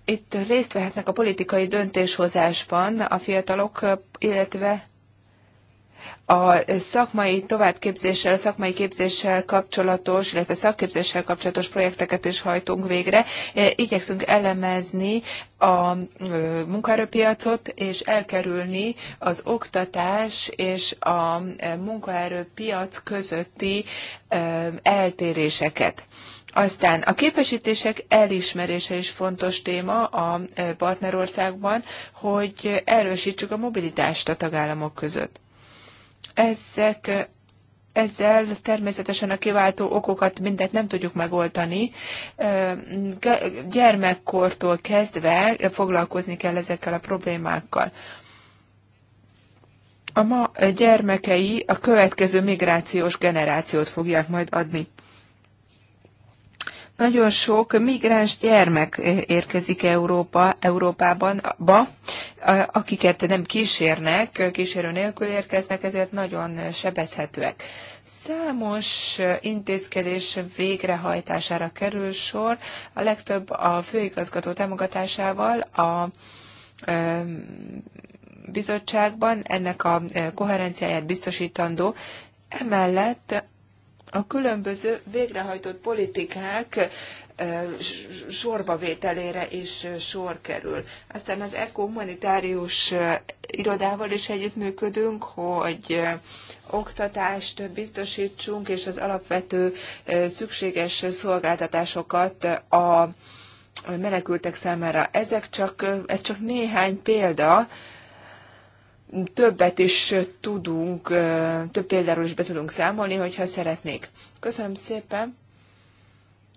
itt részt vehetnek a politikai döntéshozásban a fiatalok, illetve a szakmai továbbképzéssel, szakmai képzéssel kapcsolatos, illetve szakképzéssel kapcsolatos projekteket is hajtunk végre. E, igyekszünk elemezni a munkaerőpiacot, és elkerülni az oktatás és a e, munkaerőpiac közötti e, eltéréseket. Aztán a képesítések elismerése is fontos téma a partnerországban, hogy erősítsük a mobilitást a tagállamok között ezek ezzel természetesen a kiváltó okokat mindet nem tudjuk megoldani. Gyermekkortól kezdve foglalkozni kell ezekkel a problémákkal. A ma gyermekei a következő migrációs generációt fogják majd adni nagyon sok migráns gyermek érkezik Európa, Európában, ba, akiket nem kísérnek, kísérő nélkül érkeznek, ezért nagyon sebezhetőek. Számos intézkedés végrehajtására kerül sor, a legtöbb a főigazgató támogatásával a bizottságban ennek a koherenciáját biztosítandó. Emellett a különböző végrehajtott politikák eh, sorbavételére is eh, sor kerül. Aztán az ECO humanitárius eh, irodával is együttműködünk, hogy oktatást biztosítsunk, és az alapvető szükséges szolgáltatásokat a menekültek számára. Ezek csak, ez csak néhány példa, többet is tudunk, több példáról is be tudunk számolni, hogyha szeretnék. Köszönöm szépen,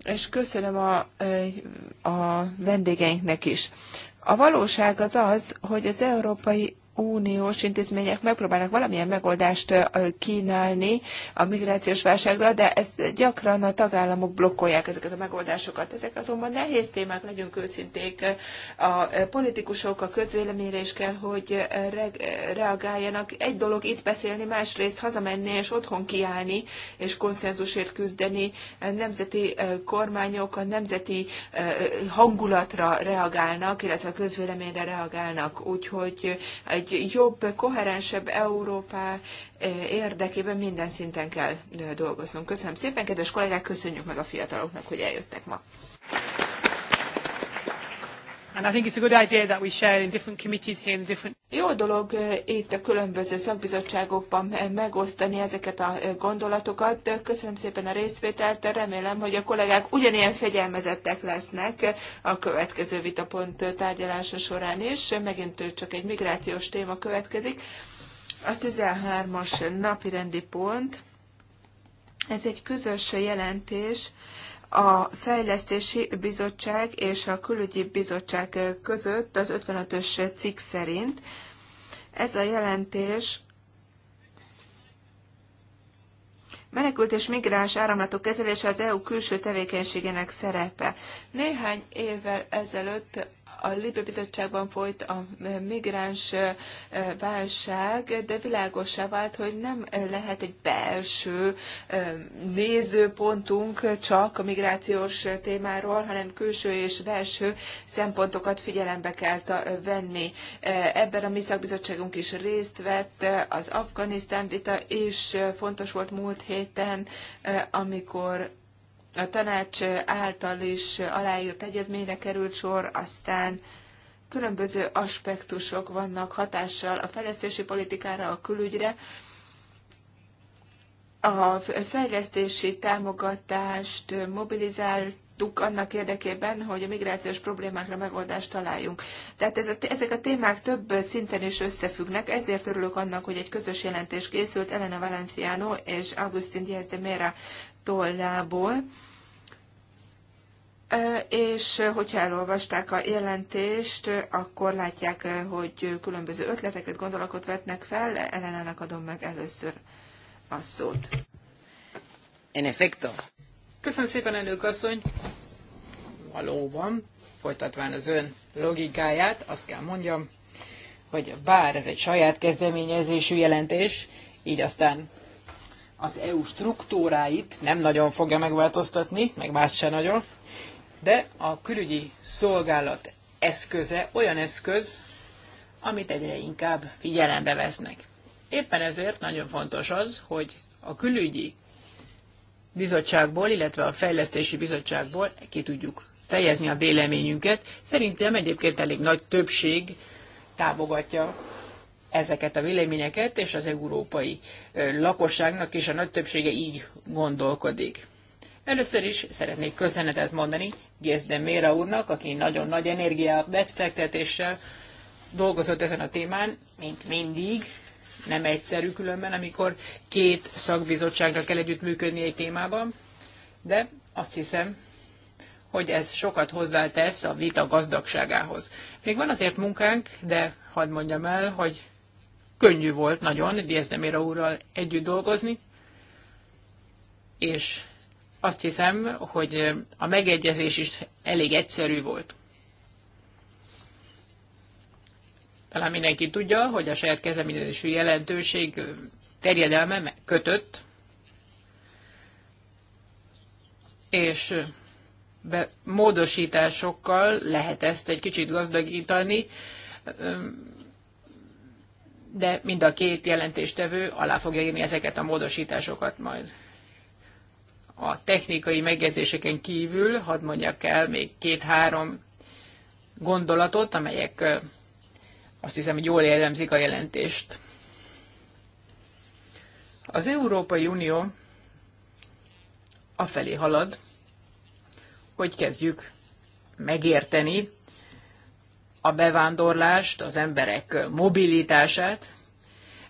és köszönöm a, a vendégeinknek is. A valóság az az, hogy az Európai uniós intézmények megpróbálnak valamilyen megoldást kínálni a migrációs válságra, de ezt gyakran a tagállamok blokkolják ezeket a megoldásokat. Ezek azonban nehéz témák, legyünk őszinték. A politikusok, a közvéleményre is kell, hogy reagáljanak. Egy dolog itt beszélni, másrészt hazamenni és otthon kiállni, és konszenzusért küzdeni. A nemzeti kormányok a nemzeti hangulatra reagálnak, illetve a közvéleményre reagálnak. Úgyhogy egy egy jobb, koherensebb Európá eh, érdekében minden szinten kell eh, dolgoznunk. Köszönöm szépen, kedves kollégák, köszönjük meg a fiataloknak, hogy eljöttek ma. And I think it's a good idea that we share in different committees here in different... Jó dolog eh, itt a különböző szakbizottságokban megosztani ezeket a eh, gondolatokat. Köszönöm szépen a részvételt, remélem, hogy a kollégák ugyanilyen fegyelmezettek lesznek a következő vitapont tárgyalása során is. Megint csak egy migrációs téma következik. A 13-as napi rendi pont. Ez egy közös jelentés a Fejlesztési Bizottság és a Külügyi Bizottság között az 55-ös cikk szerint. Ez a jelentés Menekült és migráns áramlatok kezelése az EU külső tevékenységének szerepe. Néhány évvel ezelőtt a Libe Bizottságban folyt a migráns válság, de világosá vált, hogy nem lehet egy belső nézőpontunk csak a migrációs témáról, hanem külső és belső szempontokat figyelembe kell venni. Ebben a mi szakbizottságunk is részt vett, az Afganisztán vita is fontos volt múlt héten, amikor a tanács által is aláírt egyezményre került sor, aztán különböző aspektusok vannak hatással a fejlesztési politikára, a külügyre, a fejlesztési támogatást mobilizált tettük annak érdekében, hogy a migrációs problémákra megoldást találjunk. Tehát ez a, ezek a témák több szinten is összefüggnek, ezért örülök annak, hogy egy közös jelentés készült Elena Valenciano és Agustin Diaz de Mera tollából és hogyha elolvasták a jelentést, akkor látják, hogy különböző ötleteket, gondolatot vetnek fel. Elenának adom meg először a szót. En efecto. Köszönöm szépen, elnök asszony! Valóban, folytatván az ön logikáját, azt kell mondjam, hogy bár ez egy saját kezdeményezésű jelentés, így aztán az EU struktúráit nem nagyon fogja megváltoztatni, meg más se nagyon, de a külügyi szolgálat eszköze olyan eszköz, amit egyre inkább figyelembe vesznek. Éppen ezért nagyon fontos az, hogy a külügyi bizottságból, illetve a fejlesztési bizottságból ki tudjuk fejezni a véleményünket. Szerintem egyébként elég nagy többség támogatja ezeket a véleményeket, és az európai lakosságnak is a nagy többsége így gondolkodik. Először is szeretnék köszönetet mondani Gézde Méra úrnak, aki nagyon nagy energiát befektetéssel dolgozott ezen a témán, mint mindig, nem egyszerű különben, amikor két szakbizottságnak kell együttműködni egy témában, de azt hiszem, hogy ez sokat hozzátesz a vita gazdagságához. Még van azért munkánk, de hadd mondjam el, hogy könnyű volt nagyon Diezdeméra úrral együtt dolgozni, és azt hiszem, hogy a megegyezés is elég egyszerű volt. Talán mindenki tudja, hogy a saját kezdeményezésű jelentőség terjedelme kötött, és be, módosításokkal lehet ezt egy kicsit gazdagítani, de mind a két jelentéstevő alá fogja írni ezeket a módosításokat majd. A technikai megjegyzéseken kívül hadd mondjak el még két-három gondolatot, amelyek azt hiszem, hogy jól jellemzik a jelentést. Az Európai Unió afelé halad, hogy kezdjük megérteni a bevándorlást, az emberek mobilitását,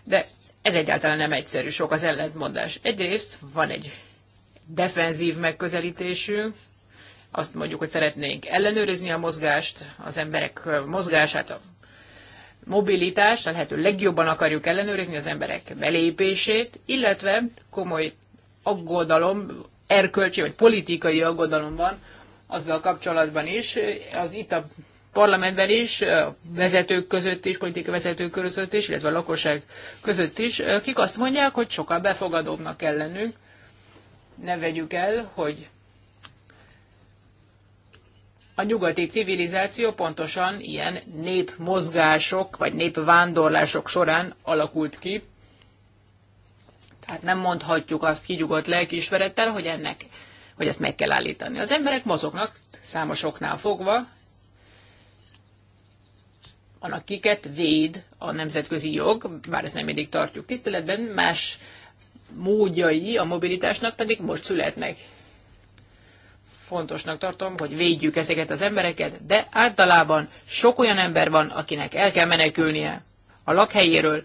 de ez egyáltalán nem egyszerű, sok az ellentmondás. Egyrészt van egy defenzív megközelítésünk, azt mondjuk, hogy szeretnénk ellenőrizni a mozgást, az emberek mozgását, a mobilitás, a lehető legjobban akarjuk ellenőrizni az emberek belépését, illetve komoly aggodalom, erkölcsi vagy politikai aggodalom van azzal kapcsolatban is. Az itt a parlamentben is, a vezetők között is, politikai vezetők között is, illetve a lakosság között is, akik azt mondják, hogy sokkal befogadóbbnak kell lennünk. Ne vegyük el, hogy a nyugati civilizáció pontosan ilyen népmozgások vagy népvándorlások során alakult ki. Tehát nem mondhatjuk azt kinyugodt lelkiismerettel, hogy ennek, hogy ezt meg kell állítani. Az emberek mozognak, számosoknál fogva, van, akiket véd a nemzetközi jog, bár ezt nem mindig tartjuk tiszteletben, más módjai a mobilitásnak pedig most születnek fontosnak tartom, hogy védjük ezeket az embereket, de általában sok olyan ember van, akinek el kell menekülnie a lakhelyéről,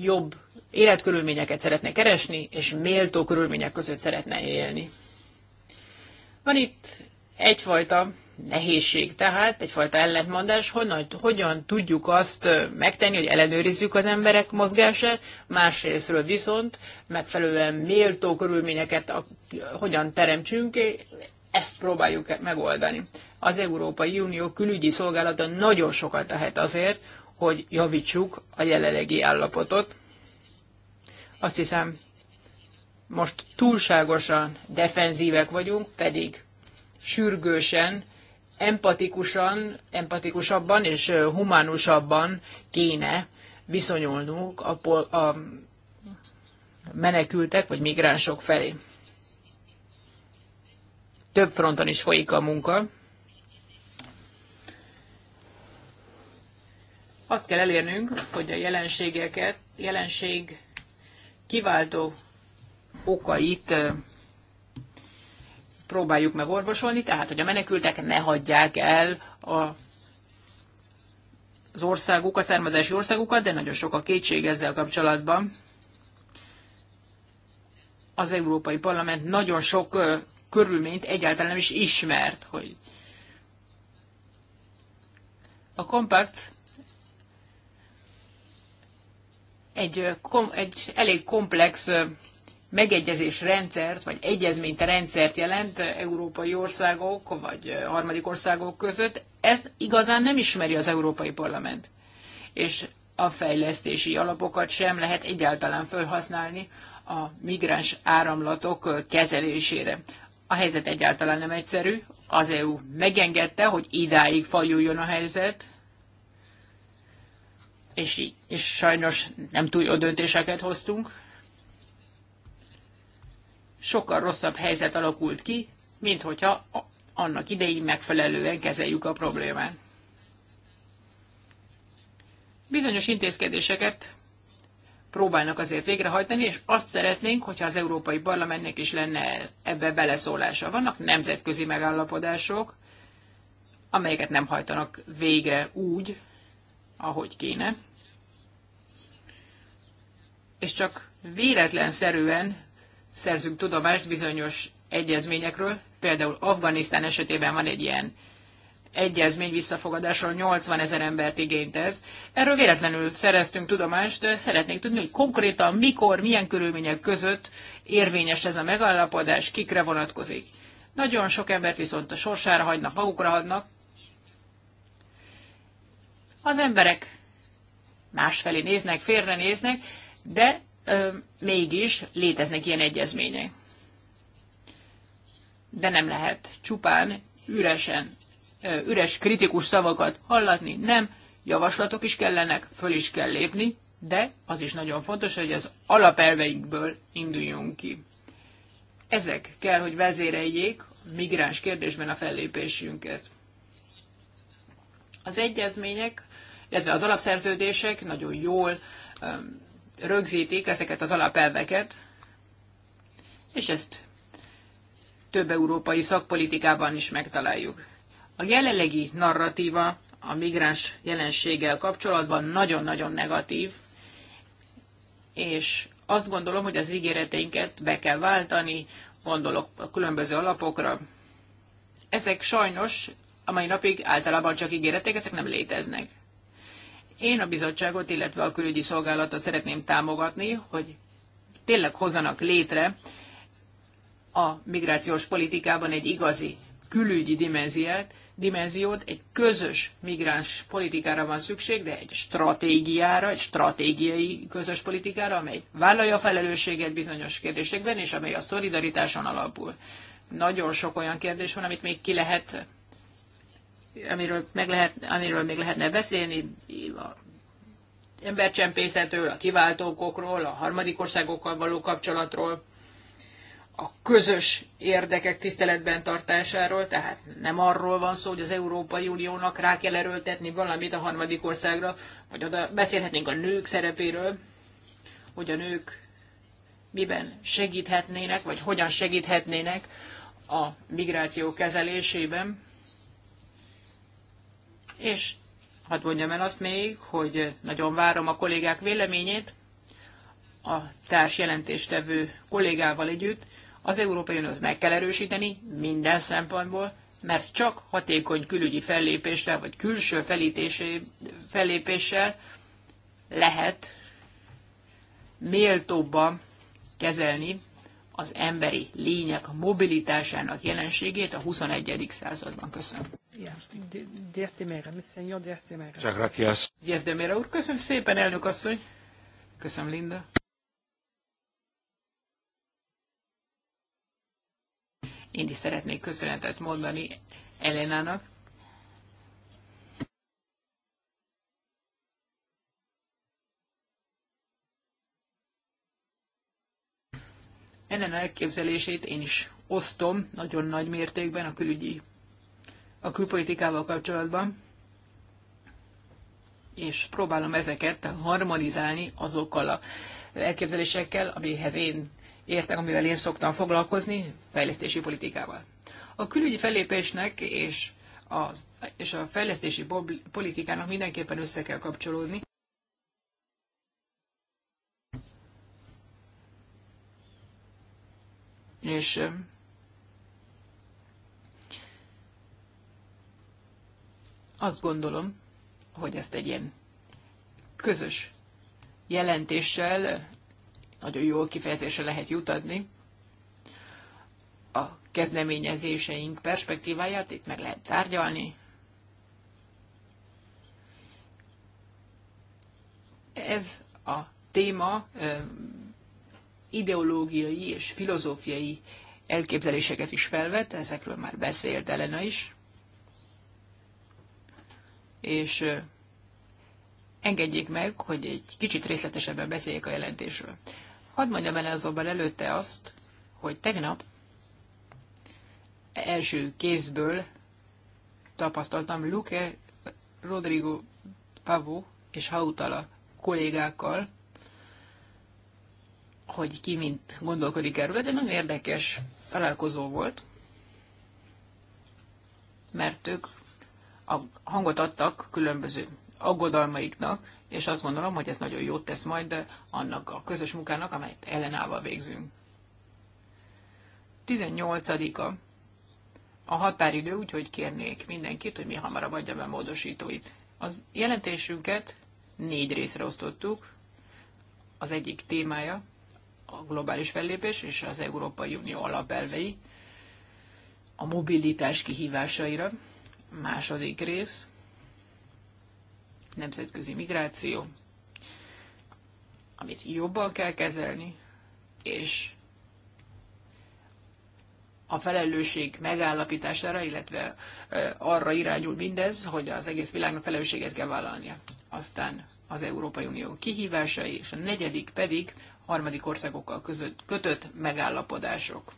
jobb életkörülményeket szeretne keresni, és méltó körülmények között szeretne élni. Van itt egyfajta nehézség, tehát egyfajta ellentmondás, honnan, hogyan tudjuk azt megtenni, hogy ellenőrizzük az emberek mozgását, másrésztről viszont megfelelően méltó körülményeket a, hogyan teremtsünk, ezt próbáljuk megoldani. Az Európai Unió külügyi szolgálata nagyon sokat tehet azért, hogy javítsuk a jelenlegi állapotot. Azt hiszem, most túlságosan defenzívek vagyunk, pedig sürgősen, empatikusan, empatikusabban és humánusabban kéne viszonyulnunk a, pol- a menekültek vagy migránsok felé több fronton is folyik a munka. Azt kell elérnünk, hogy a jelenségeket, jelenség kiváltó okait próbáljuk meg orvosolni, tehát hogy a menekültek ne hagyják el a, az országukat, származási országukat, de nagyon sok a kétség ezzel kapcsolatban. Az Európai Parlament nagyon sok körülményt egyáltalán nem is ismert, hogy a kompakt egy, kom, egy elég komplex megegyezés rendszert, vagy egyezményt rendszert jelent európai országok, vagy harmadik országok között, ezt igazán nem ismeri az Európai Parlament. És a fejlesztési alapokat sem lehet egyáltalán felhasználni a migráns áramlatok kezelésére. A helyzet egyáltalán nem egyszerű. Az EU megengedte, hogy idáig fajuljon a helyzet, és, és sajnos nem túl jó döntéseket hoztunk. Sokkal rosszabb helyzet alakult ki, mint hogyha annak idején megfelelően kezeljük a problémát. Bizonyos intézkedéseket próbálnak azért végrehajtani, és azt szeretnénk, hogyha az Európai Parlamentnek is lenne ebbe beleszólása. Vannak nemzetközi megállapodások, amelyeket nem hajtanak végre úgy, ahogy kéne, és csak véletlenszerűen szerzünk tudomást bizonyos egyezményekről. Például Afganisztán esetében van egy ilyen egyezmény visszafogadásról 80 ezer embert igénytez. Erről véletlenül szereztünk tudomást, de szeretnénk tudni, hogy konkrétan mikor, milyen körülmények között érvényes ez a megállapodás, kikre vonatkozik. Nagyon sok embert viszont a sorsára hagynak, magukra hagynak. Az emberek másfelé néznek, félre néznek, de ö, mégis léteznek ilyen egyezmények. De nem lehet csupán üresen üres kritikus szavakat hallatni, nem, javaslatok is kellenek, föl is kell lépni, de az is nagyon fontos, hogy az alapelveinkből induljunk ki. Ezek kell, hogy vezéreljék migráns kérdésben a fellépésünket. Az egyezmények, illetve az alapszerződések nagyon jól rögzítik ezeket az alapelveket, és ezt több európai szakpolitikában is megtaláljuk. A jelenlegi narratíva a migráns jelenséggel kapcsolatban nagyon-nagyon negatív, és azt gondolom, hogy az ígéreteinket be kell váltani, gondolok a különböző alapokra. Ezek sajnos a mai napig általában csak ígéretek, ezek nem léteznek. Én a bizottságot, illetve a külügyi szolgálatot szeretném támogatni, hogy tényleg hozzanak létre a migrációs politikában egy igazi külügyi dimenziát, dimenziót, egy közös migráns politikára van szükség, de egy stratégiára, egy stratégiai közös politikára, amely vállalja a felelősséget bizonyos kérdésekben, és amely a szolidaritáson alapul. Nagyon sok olyan kérdés van, amit még ki lehet amiről, meg lehet, amiről még lehetne beszélni, a embercsempészetről, a kiváltókokról, a harmadik országokkal való kapcsolatról a közös érdekek tiszteletben tartásáról, tehát nem arról van szó, hogy az Európai Uniónak rá kell erőltetni valamit a harmadik országra, vagy oda beszélhetnénk a nők szerepéről, hogy a nők miben segíthetnének, vagy hogyan segíthetnének a migráció kezelésében. És hadd mondjam el azt még, hogy nagyon várom a kollégák véleményét, a társ jelentéstevő kollégával együtt, az Európai Uniót meg kell erősíteni minden szempontból, mert csak hatékony külügyi fellépéssel, vagy külső fellépéssel lehet méltóbban kezelni az emberi lények mobilitásának jelenségét a 21. században. Köszönöm. Gracias. Diaz úr, köszönöm szépen, elnök asszony. Köszönöm, Linda. Én is szeretnék köszönetet mondani Elenának. Elena elképzelését én is osztom nagyon nagy mértékben a külügyi, a külpolitikával kapcsolatban, és próbálom ezeket harmonizálni azokkal a elképzelésekkel, amihez én értek, amivel én szoktam foglalkozni, fejlesztési politikával. A külügyi fellépésnek és a, és a fejlesztési politikának mindenképpen össze kell kapcsolódni. És azt gondolom, hogy ezt egy ilyen közös jelentéssel nagyon jó kifejezésre lehet jutadni. a kezdeményezéseink perspektíváját, itt meg lehet tárgyalni. Ez a téma ideológiai és filozófiai elképzeléseket is felvet, ezekről már beszélt Elena is. És engedjék meg, hogy egy kicsit részletesebben beszéljek a jelentésről. Hadd mondjam el azonban előtte azt, hogy tegnap első kézből tapasztaltam Luke, Rodrigo Pavo és Hautala kollégákkal, hogy ki mint gondolkodik erről. Ez egy nagyon érdekes találkozó volt, mert ők a hangot adtak különböző aggodalmaiknak, és azt gondolom, hogy ez nagyon jót tesz majd annak a közös munkának, amelyet ellenállva végzünk. 18-a a határidő, úgyhogy kérnék mindenkit, hogy mi hamarabb adja be módosítóit. Az jelentésünket négy részre osztottuk. Az egyik témája a globális fellépés és az Európai Unió alapelvei a mobilitás kihívásaira. A második rész nemzetközi migráció, amit jobban kell kezelni, és a felelősség megállapítására, illetve arra irányul mindez, hogy az egész világnak felelősséget kell vállalnia. Aztán az Európai Unió kihívásai, és a negyedik pedig harmadik országokkal között kötött megállapodások.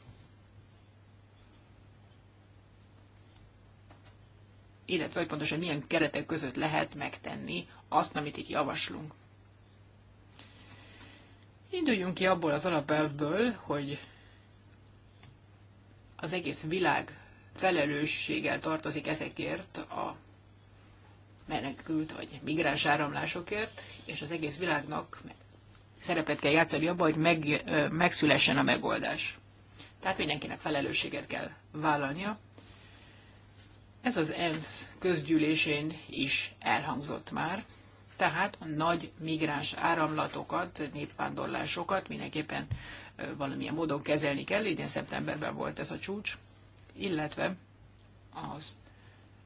illetve hogy pontosan milyen keretek között lehet megtenni azt, amit itt javaslunk. Induljunk ki abból az alapelvből, hogy az egész világ felelősséggel tartozik ezekért a menekült vagy migráns áramlásokért, és az egész világnak szerepet kell játszani abban, hogy meg, megszülessen a megoldás. Tehát mindenkinek felelősséget kell vállalnia. Ez az ENSZ közgyűlésén is elhangzott már, tehát a nagy migráns áramlatokat, népvándorlásokat mindenképpen valamilyen módon kezelni kell. Idén szeptemberben volt ez a csúcs, illetve az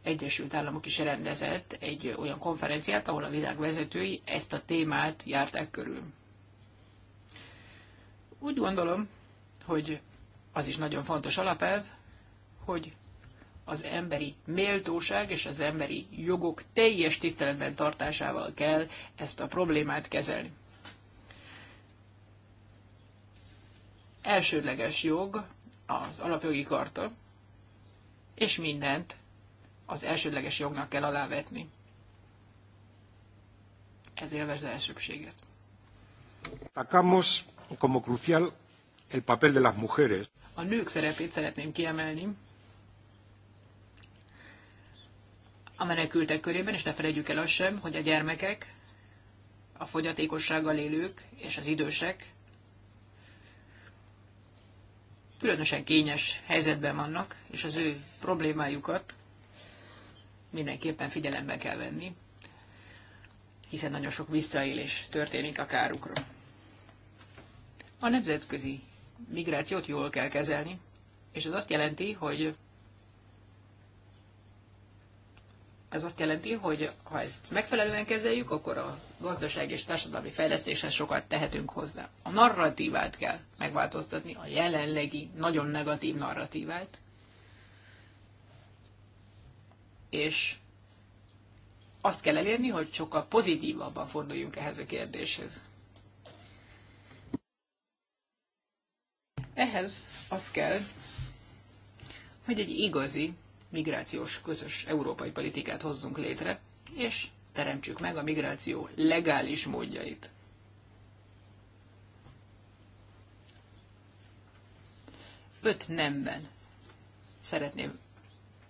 Egyesült Államok is rendezett egy olyan konferenciát, ahol a világ vezetői ezt a témát járták körül. Úgy gondolom, hogy az is nagyon fontos alapelv, hogy az emberi méltóság és az emberi jogok teljes tiszteletben tartásával kell ezt a problémát kezelni. Elsődleges jog az alapjogi karta, és mindent az elsődleges jognak kell alávetni. Ez élvezze elsőbséget. Takamos, como crucial el papel de las mujeres. A nők szerepét szeretném kiemelni, a menekültek körében, és ne felejtjük el azt sem, hogy a gyermekek, a fogyatékossággal élők és az idősek különösen kényes helyzetben vannak, és az ő problémájukat mindenképpen figyelembe kell venni, hiszen nagyon sok visszaélés történik a kárukra. A nemzetközi migrációt jól kell kezelni, és ez azt jelenti, hogy Ez azt jelenti, hogy ha ezt megfelelően kezeljük, akkor a gazdaság és társadalmi fejlesztéshez sokat tehetünk hozzá. A narratívát kell megváltoztatni, a jelenlegi, nagyon negatív narratívát, és azt kell elérni, hogy sokkal pozitívabban forduljunk ehhez a kérdéshez. Ehhez azt kell, hogy egy igazi migrációs közös európai politikát hozzunk létre, és teremtsük meg a migráció legális módjait. Öt nemben szeretném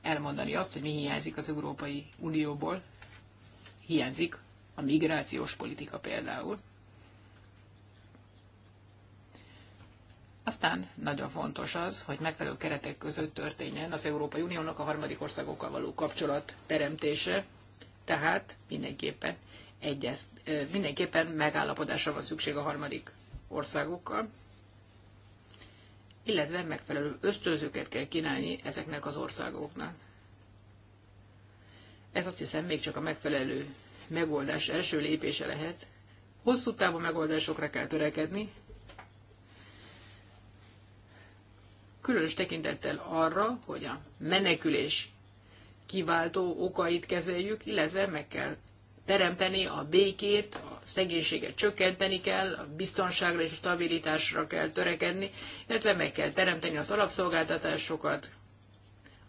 elmondani azt, hogy mi hiányzik az Európai Unióból. Hiányzik a migrációs politika például. Aztán nagyon fontos az, hogy megfelelő keretek között történjen az Európai Uniónak a harmadik országokkal való kapcsolat teremtése, tehát mindenképpen, egyez, mindenképpen megállapodásra van szükség a harmadik országokkal, illetve megfelelő ösztönzőket kell kínálni ezeknek az országoknak. Ez azt hiszem még csak a megfelelő megoldás első lépése lehet. Hosszú távú megoldásokra kell törekedni, különös tekintettel arra, hogy a menekülés kiváltó okait kezeljük, illetve meg kell teremteni a békét, a szegénységet csökkenteni kell, a biztonságra és a stabilitásra kell törekedni, illetve meg kell teremteni az alapszolgáltatásokat,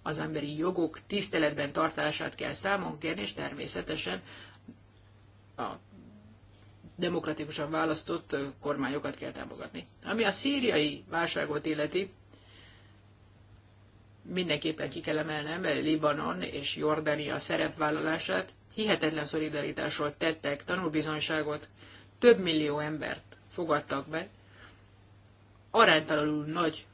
az emberi jogok tiszteletben tartását kell számon kérni, és természetesen a demokratikusan választott kormányokat kell támogatni. Ami a szíriai válságot illeti, mindenképpen ki kell emelnem Libanon és Jordánia szerepvállalását. Hihetetlen szolidaritásról tettek tanulbizonyságot, több millió embert fogadtak be. Aránytalanul nagy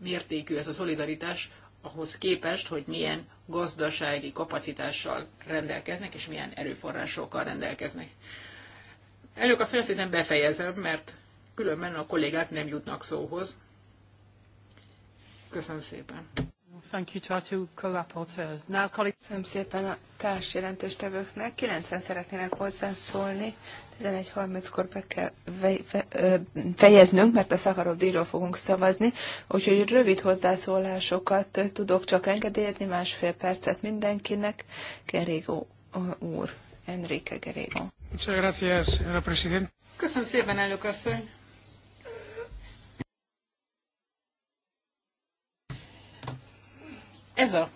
mértékű ez a szolidaritás ahhoz képest, hogy milyen gazdasági kapacitással rendelkeznek, és milyen erőforrásokkal rendelkeznek. Elnök azt, hogy azt hiszem befejezem, mert különben a kollégák nem jutnak szóhoz. Köszönöm szépen. Köszönöm szépen a társjelentéstevőknek. Kilencen szeretnének hozzászólni. 11.30-kor be kell fejeznünk, mert a Szakarov díjról fogunk szavazni, úgyhogy rövid hozzászólásokat tudok csak engedélyezni, másfél percet mindenkinek. Gerégo úr, Enrique Gerégo. Köszönöm szépen, elnök asszony! Ez a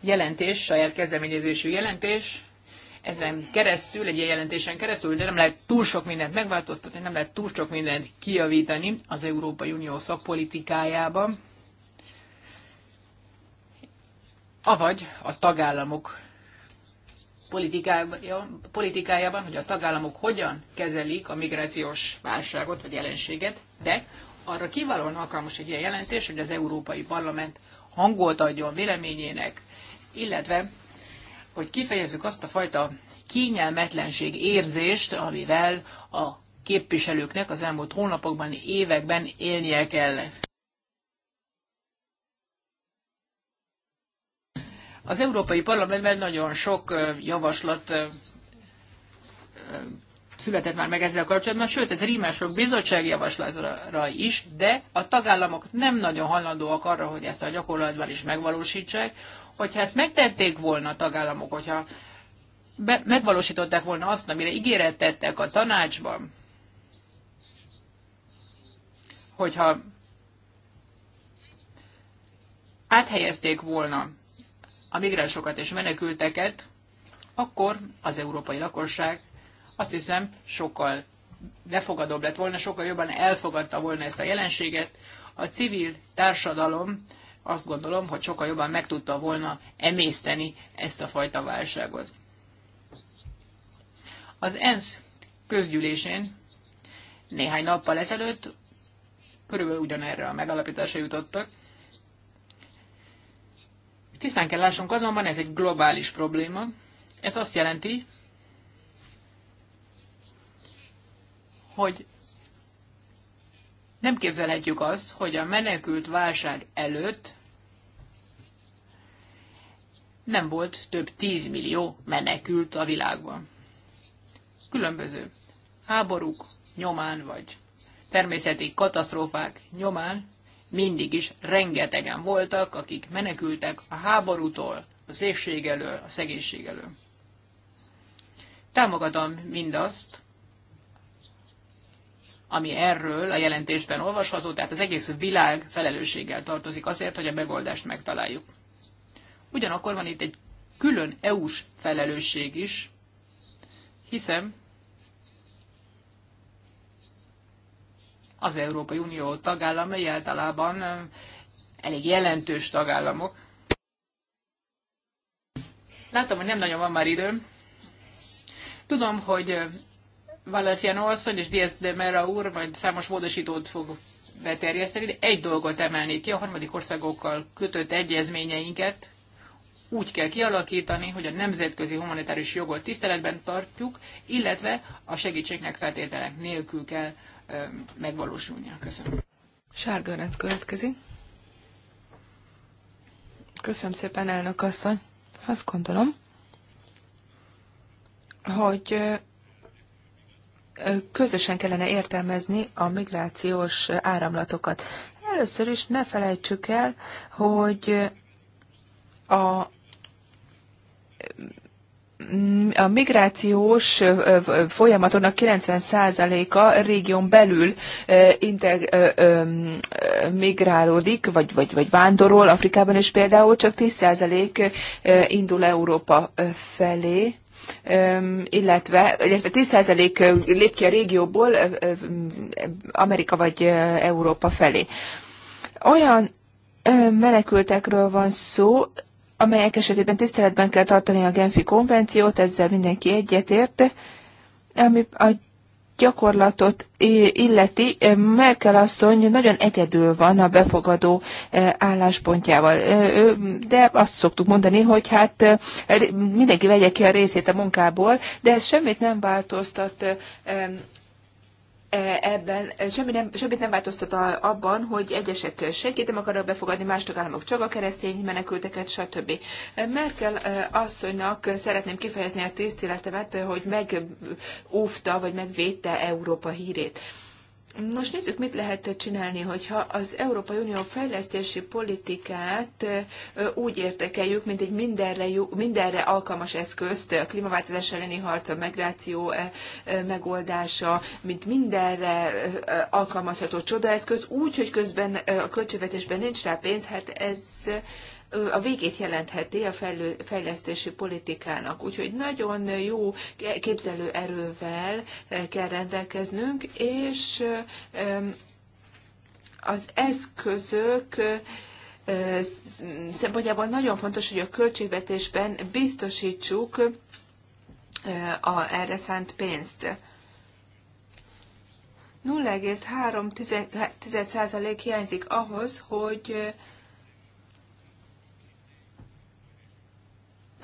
jelentés, saját kezdeményezésű jelentés, ezen keresztül, egy ilyen jelentésen keresztül, de nem lehet túl sok mindent megváltoztatni, nem lehet túl sok mindent kiavítani az Európai Unió szakpolitikájában, avagy a tagállamok politikájában, politikájában, hogy a tagállamok hogyan kezelik a migrációs válságot vagy jelenséget, de arra kiválóan alkalmas egy ilyen jelentés, hogy az Európai Parlament hangolt adjon véleményének, illetve, hogy kifejezzük azt a fajta kényelmetlenség érzést, amivel a képviselőknek az elmúlt hónapokban, években élnie kell. Az Európai Parlamentben nagyon sok javaslat született már meg ezzel kapcsolatban, sőt, ez rímások sok bizottsági javaslatra is, de a tagállamok nem nagyon hajlandóak arra, hogy ezt a gyakorlatban is megvalósítsák. Hogyha ezt megtették volna a tagállamok, hogyha be, megvalósították volna azt, amire ígéret tettek a tanácsban, hogyha áthelyezték volna a migránsokat és menekülteket, akkor az európai lakosság azt hiszem sokkal befogadóbb lett volna, sokkal jobban elfogadta volna ezt a jelenséget. A civil társadalom azt gondolom, hogy sokkal jobban meg tudta volna emészteni ezt a fajta válságot. Az ENSZ közgyűlésén néhány nappal ezelőtt körülbelül ugyanerre a megalapításra jutottak. Tisztán kell lássunk azonban, ez egy globális probléma. Ez azt jelenti, hogy nem képzelhetjük azt, hogy a menekült válság előtt nem volt több 10 millió menekült a világban. Különböző háborúk nyomán, vagy természeti katasztrófák nyomán mindig is rengetegen voltak, akik menekültek a háborútól, a szépség elől, a szegénység elől. Támogatom mindazt, ami erről a jelentésben olvasható, tehát az egész világ felelősséggel tartozik azért, hogy a megoldást megtaláljuk. Ugyanakkor van itt egy külön EU-s felelősség is, hiszen az Európai Unió tagállamai általában elég jelentős tagállamok. Látom, hogy nem nagyon van már időm. Tudom, hogy Valenciano asszony és Diaz de Mera úr majd számos módosítót fog beterjeszteni, de egy dolgot emelnék ki, a harmadik országokkal kötött egyezményeinket úgy kell kialakítani, hogy a nemzetközi humanitárius jogot tiszteletben tartjuk, illetve a segítségnek feltételek nélkül kell ö, megvalósulnia. Köszönöm. Sárga Örenc következik. Köszönöm szépen, elnök asszony. Azt gondolom, hogy közösen kellene értelmezni a migrációs áramlatokat. Először is ne felejtsük el, hogy a a migrációs folyamatonak 90%-a régión belül integ, migrálódik, vagy, vagy, vagy vándorol Afrikában, és például csak 10% indul Európa felé illetve, illetve 10% lép ki a régióból Amerika vagy Európa felé. Olyan menekültekről van szó, amelyek esetében tiszteletben kell tartani a Genfi konvenciót, ezzel mindenki egyetért, ami a gyakorlatot illeti, Merkel asszony nagyon egyedül van a befogadó álláspontjával. De azt szoktuk mondani, hogy hát mindenki vegye ki a részét a munkából, de ez semmit nem változtat E, ebben e, semmi nem, semmit nem változtat abban, hogy egyesek senkit nem akarnak befogadni, más tagállamok csak a keresztény menekülteket, stb. E, Merkel asszonynak szeretném kifejezni a tiszteletemet, hogy megóvta vagy megvédte Európa hírét. Most nézzük, mit lehet csinálni, hogyha az Európai Unió fejlesztési politikát úgy értekeljük, mint egy mindenre, jó, mindenre alkalmas eszközt, a klímaváltozás elleni harc, a migráció megoldása, mint mindenre alkalmazható csodaeszköz, úgy, hogy közben a költségvetésben nincs rá pénz, hát ez a végét jelentheti a fejlesztési politikának. Úgyhogy nagyon jó képzelő erővel eh, kell rendelkeznünk, és az eszközök eh, szempontjából nagyon fontos, hogy a költségvetésben biztosítsuk eh, a erre szánt pénzt. 0,3% hiányzik ahhoz, hogy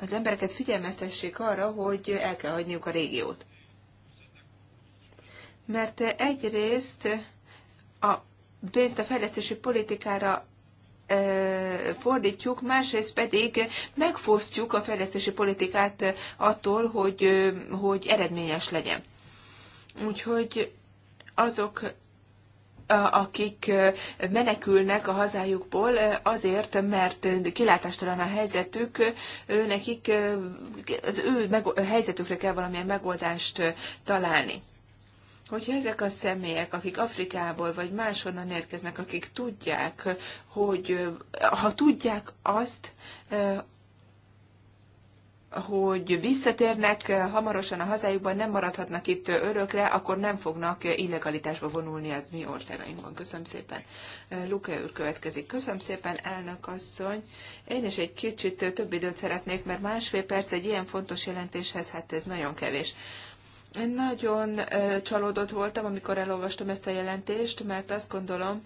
az embereket figyelmeztessék arra, hogy el kell hagyniuk a régiót. Mert egyrészt a pénzt a fejlesztési politikára fordítjuk, másrészt pedig megfosztjuk a fejlesztési politikát attól, hogy, hogy eredményes legyen. Úgyhogy azok akik menekülnek a hazájukból azért, mert kilátástalan a helyzetük, ő nekik az ő helyzetükre kell valamilyen megoldást találni hogyha ezek a személyek, akik Afrikából vagy máshonnan érkeznek, akik tudják, hogy ha tudják azt, hogy visszatérnek eh, hamarosan a hazájukban, nem maradhatnak itt eh, örökre, akkor nem fognak eh, illegalitásba vonulni az mi országainkban. Köszönöm szépen. Luke úr következik. Köszönöm szépen, elnök asszony. Én is egy kicsit több időt szeretnék, mert másfél perc egy ilyen fontos jelentéshez, hát ez nagyon kevés. Én nagyon csalódott voltam, amikor elolvastam ezt a jelentést, mert azt gondolom,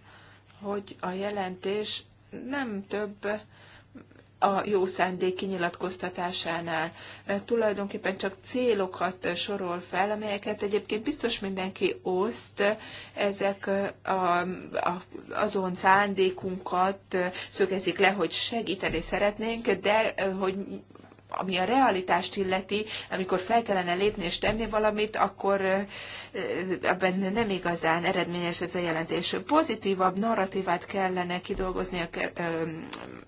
hogy a jelentés nem több, a jó szándék kinyilatkoztatásánál. Tulajdonképpen csak célokat sorol fel, amelyeket egyébként biztos mindenki oszt, ezek a, a, azon szándékunkat szögezik le, hogy segíteni szeretnénk, de hogy ami a realitást illeti, amikor fel kellene lépni és tenni valamit, akkor ebben nem igazán eredményes ez a jelentés. Pozitívabb narratívát kellene kidolgozni a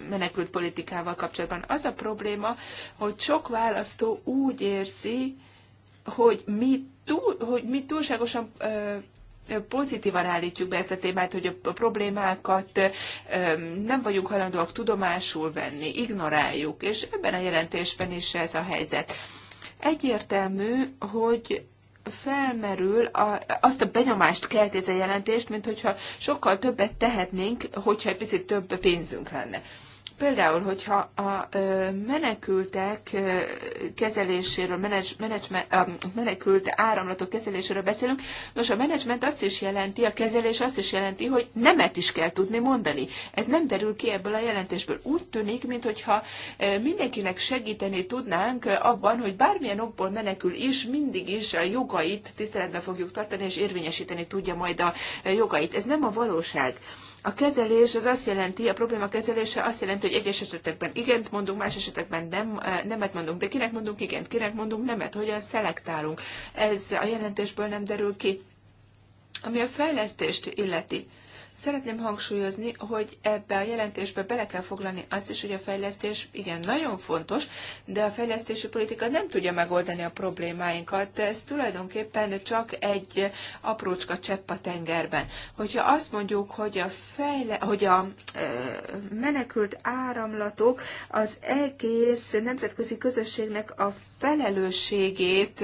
menekült politikával kapcsolatban. Az a probléma, hogy sok választó úgy érzi, hogy mi, túl, hogy mi túlságosan pozitívan állítjuk be ezt a témát, hogy a problémákat nem vagyunk hajlandóak tudomásul venni, ignoráljuk, és ebben a jelentésben is ez a helyzet. Egyértelmű, hogy felmerül, a, azt a benyomást kelt ez a jelentést, mint hogyha sokkal többet tehetnénk, hogyha egy picit több pénzünk lenne. Például, hogyha a menekültek kezeléséről, menedzsment, a menekült áramlatok kezeléséről beszélünk, nos a menedzsment azt is jelenti, a kezelés azt is jelenti, hogy nemet is kell tudni mondani. Ez nem derül ki ebből a jelentésből. Úgy tűnik, mintha mindenkinek segíteni tudnánk abban, hogy bármilyen okból menekül is, mindig is a jogait tiszteletben fogjuk tartani, és érvényesíteni tudja majd a jogait. Ez nem a valóság. A kezelés az azt jelenti, a probléma kezelése azt jelenti, hogy egyes esetekben igent mondunk, más esetekben nem, nemet mondunk, de kinek mondunk igent, kinek mondunk nemet, hogyan szelektálunk. Ez a jelentésből nem derül ki. Ami a fejlesztést illeti, Szeretném hangsúlyozni, hogy ebbe a jelentésbe bele kell foglalni azt is, hogy a fejlesztés igen, nagyon fontos, de a fejlesztési politika nem tudja megoldani a problémáinkat. Ez tulajdonképpen csak egy aprócska csepp a tengerben. Hogyha azt mondjuk, hogy a, fejle, hogy a menekült áramlatok az egész nemzetközi közösségnek a felelősségét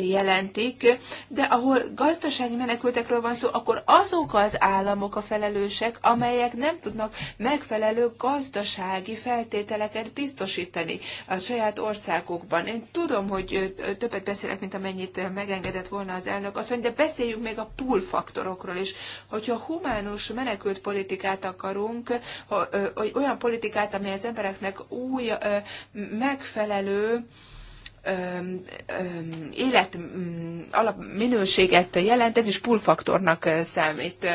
jelentik, de ahol gazdasági menekültekről van szó, akkor azok az államok a felelősek, amelyek nem tudnak megfelelő gazdasági feltételeket biztosítani a saját országokban. Én tudom, hogy többet beszélek, mint amennyit megengedett volna az elnök asszony, de beszéljünk még a pull faktorokról is. Hogyha humánus menekült politikát akarunk, olyan politikát, amely az embereknek új, megfelelő élet mm, alapminőséget jelent, ez is pullfaktornak számít.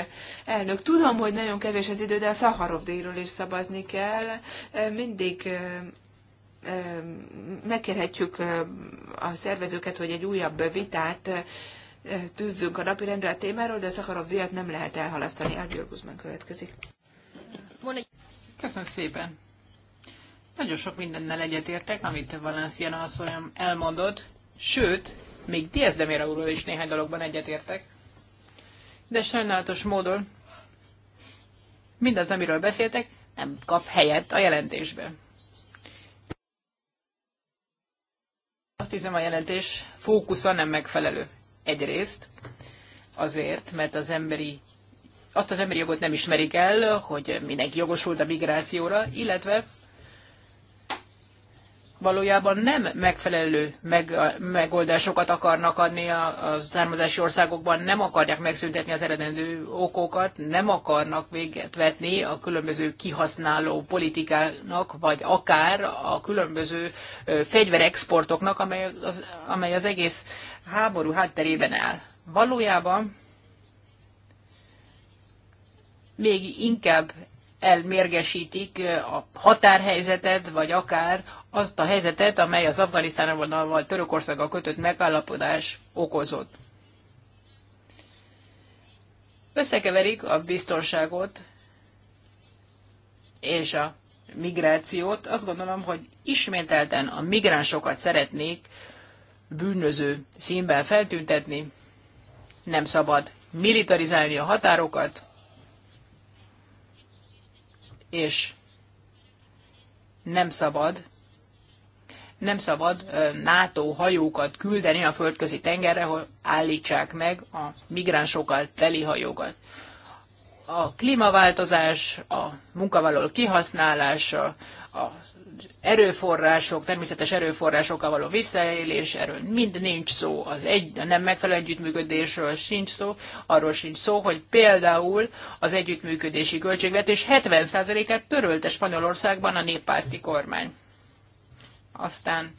Elnök, tudom, hogy nagyon kevés az idő, de a Szaharov díjról is szabazni kell. Mindig megkérhetjük a szervezőket, hogy egy újabb vitát tűzzünk a napirendre a témáról, de a Szaharov díjat nem lehet elhalasztani. Elgyőr Guzmán következik. Köszönöm szépen. Nagyon sok mindennel egyetértek, amit Valenciana asszonyom elmondott, sőt, még Diaz de úrról is néhány dologban egyetértek. De sajnálatos módon mindaz, amiről beszéltek, nem kap helyet a jelentésbe. Azt hiszem, a jelentés fókusza nem megfelelő. Egyrészt azért, mert az emberi azt az emberi jogot nem ismerik el, hogy mindenki jogosult a migrációra, illetve valójában nem megfelelő megoldásokat akarnak adni a, a származási országokban, nem akarják megszüntetni az eredendő okokat, nem akarnak véget vetni a különböző kihasználó politikának, vagy akár a különböző fegyverexportoknak, amely az, amely az egész háború hátterében áll. Valójában még inkább elmérgesítik a határhelyzetet, vagy akár azt a helyzetet, amely az Afganisztánban vagy Törökországgal kötött megállapodás okozott. Összekeverik a biztonságot és a migrációt. Azt gondolom, hogy ismételten a migránsokat szeretnék bűnöző színben feltüntetni. Nem szabad militarizálni a határokat, és nem szabad nem szabad NATO hajókat küldeni a földközi tengerre, hogy állítsák meg a migránsokkal teli hajókat. A klímaváltozás, a munkavállaló kihasználása, a erőforrások, természetes erőforrásokkal való visszaélés, erről mind nincs szó, az egy, a nem megfelelő együttműködésről sincs szó, arról sincs szó, hogy például az együttműködési költségvetés 70%-át törölte Spanyolországban a néppárti kormány. Aztán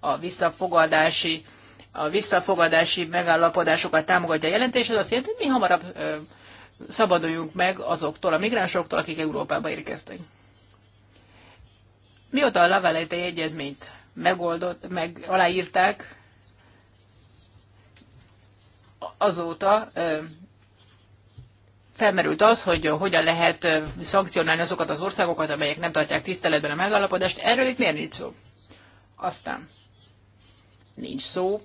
a visszafogadási, a visszafogadási megállapodásokat támogatja a jelentés, ez azt jelenti, hogy mi hamarabb ö, szabaduljunk meg azoktól a migránsoktól, akik Európába érkeztek. Mióta a Lavaleti egyezményt megoldott, meg aláírták, azóta felmerült az, hogy hogyan lehet szankcionálni azokat az országokat, amelyek nem tartják tiszteletben a megállapodást. Erről itt miért nincs szó? Aztán nincs szó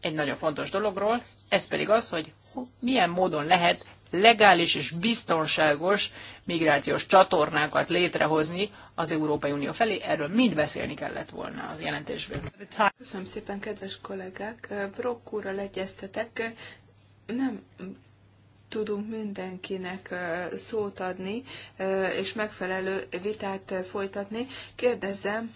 egy nagyon fontos dologról, ez pedig az, hogy milyen módon lehet legális és biztonságos migrációs csatornákat létrehozni az Európai Unió felé. Erről mind beszélni kellett volna a jelentésben. Köszönöm szépen, kedves kollégák. Brock egyeztetek. Nem tudunk mindenkinek szót adni, és megfelelő vitát folytatni. Kérdezem,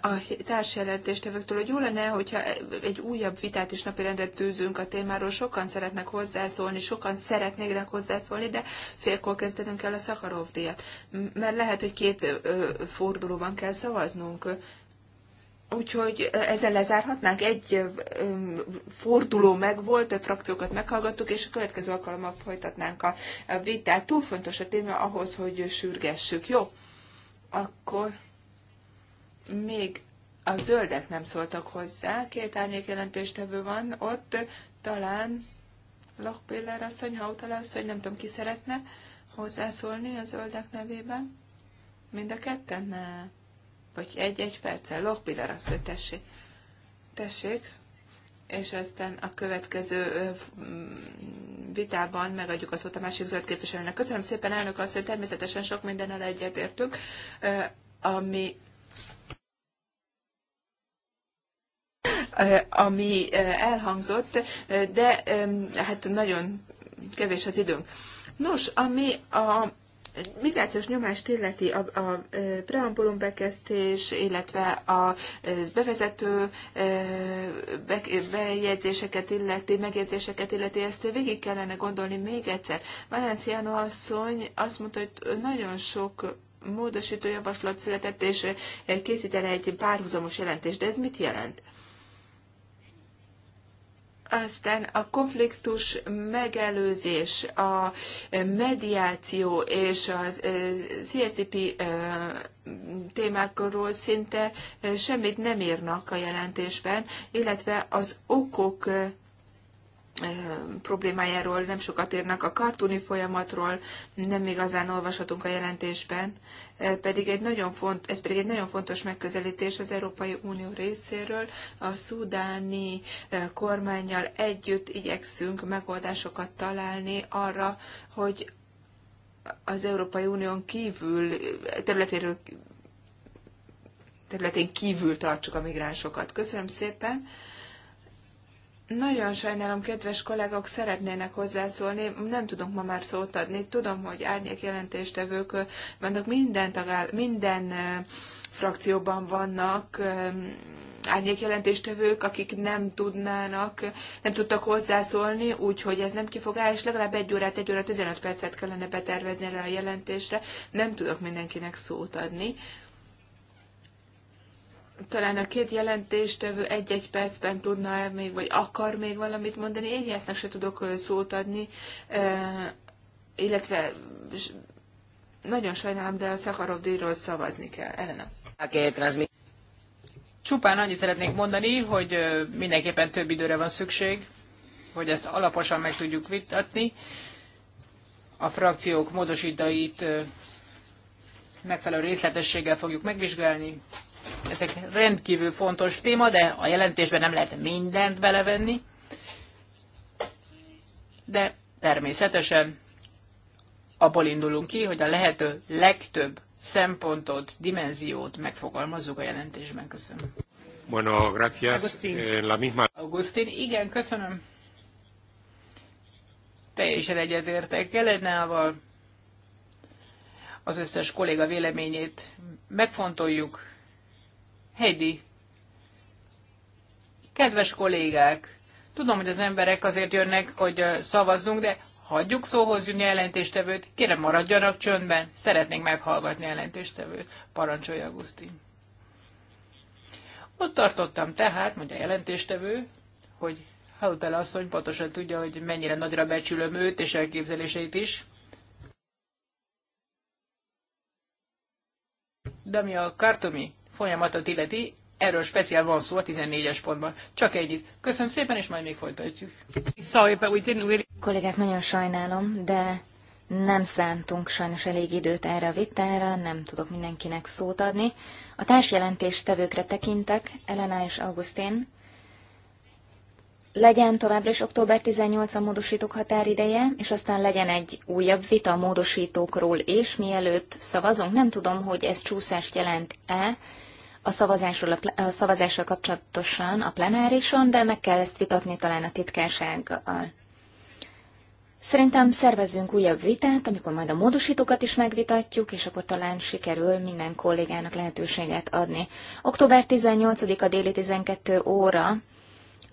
a társjelentéstevőktől, hogy jó lenne, hogyha egy újabb vitát is napirendre tűzünk a témáról. Sokan szeretnek hozzászólni, sokan szeretnének hozzászólni, de félkor kezdenünk el a Szakarov díjat. Mert lehet, hogy két fordulóban kell szavaznunk. Úgyhogy ezzel lezárhatnánk. Egy forduló meg volt, több frakciókat meghallgattuk, és a következő alkalommal folytatnánk a vitát. Túl fontos a téma ahhoz, hogy sürgessük. Jó? Akkor még a zöldek nem szóltak hozzá, két árnyék jelentéstevő van ott, talán Lochpiller asszony, Hautala asszony, nem tudom, ki szeretne hozzászólni a zöldek nevében. Mind a ketten? Ne. Vagy egy-egy perccel. Lochpiller asszony, tessék. Tessék. És aztán a következő vitában megadjuk a szót a másik zöld képviselőnek. Köszönöm szépen, elnök asszony, természetesen sok mindennel egyetértünk, ami Eh, ami eh, elhangzott, eh, de hát nagyon kevés az időnk. Nos, ami a migrációs nyomást illeti a, a preambulum bekezdés, illetve a bevezető bejegyzéseket illeti, megjegyzéseket illeti, ezt végig kellene gondolni még egyszer. Valenciano asszony azt mondta, hogy nagyon sok módosító javaslat született, és készít el egy párhuzamos jelentést. De ez mit jelent? Aztán a konfliktus megelőzés, a mediáció és a CSDP témákról szinte semmit nem írnak a jelentésben, illetve az okok problémájáról nem sokat írnak, a kartúni folyamatról nem igazán olvashatunk a jelentésben, pedig egy nagyon font, ez pedig egy nagyon fontos megközelítés az Európai Unió részéről. A szudáni kormányjal együtt igyekszünk megoldásokat találni arra, hogy az Európai Unión kívül, területéről, területén kívül tartsuk a migránsokat. Köszönöm szépen! Nagyon sajnálom, kedves kollégok, szeretnének hozzászólni, nem tudunk ma már szót adni. Tudom, hogy árnyék jelentéstevők vannak minden tagál, minden frakcióban vannak jelentéstevők, akik nem tudnának, nem tudtak hozzászólni, úgyhogy ez nem kifogás, legalább egy órát, egy óra 15 percet kellene betervezni erre a jelentésre. Nem tudok mindenkinek szót adni talán a két jelentéstevő egy-egy percben tudna -e még, vagy akar még valamit mondani. Én jelsznek se tudok szót adni, illetve nagyon sajnálom, de a Szakarov díjról szavazni kell. Elena. Csupán annyit szeretnék mondani, hogy mindenképpen több időre van szükség, hogy ezt alaposan meg tudjuk vitatni. A frakciók módosítait megfelelő részletességgel fogjuk megvizsgálni, ezek rendkívül fontos téma, de a jelentésben nem lehet mindent belevenni. De természetesen abból indulunk ki, hogy a lehető legtöbb szempontot, dimenziót megfogalmazzuk a jelentésben. Köszönöm. Bueno, gracias. Agustin. Eh, la misma... Agustin, igen, köszönöm. Teljesen egyetértek Kelenával. Az összes kolléga véleményét megfontoljuk, Heidi, kedves kollégák, tudom, hogy az emberek azért jönnek, hogy szavazzunk, de hagyjuk szóhoz jönni jelentéstevőt, kérem maradjanak csöndben, szeretnénk meghallgatni jelentéstevőt, parancsolja Augustin. Ott tartottam tehát, mondja jelentéstevő, hogy Hautala asszony pontosan tudja, hogy mennyire nagyra becsülöm őt és elképzeléseit is. De ami a kartomi folyamatot illeti, erről speciál van szó a 14-es pontban. Csak ennyit. Köszönöm szépen, és majd még folytatjuk. Sorry, but we didn't really... Kollégák, nagyon sajnálom, de nem szántunk sajnos elég időt erre a vitára, nem tudok mindenkinek szót adni. A társjelentés tevőkre tekintek, Elena és Augustin. Legyen továbbra is október 18 a módosítók határideje, és aztán legyen egy újabb vita a módosítókról, és mielőtt szavazunk, nem tudom, hogy ez csúszást jelent-e, a szavazásról, a, pl- a szavazással kapcsolatosan a plenárison, de meg kell ezt vitatni talán a titkársággal. Szerintem szervezzünk újabb vitát, amikor majd a módosítókat is megvitatjuk, és akkor talán sikerül minden kollégának lehetőséget adni. Október 18-a déli 12 óra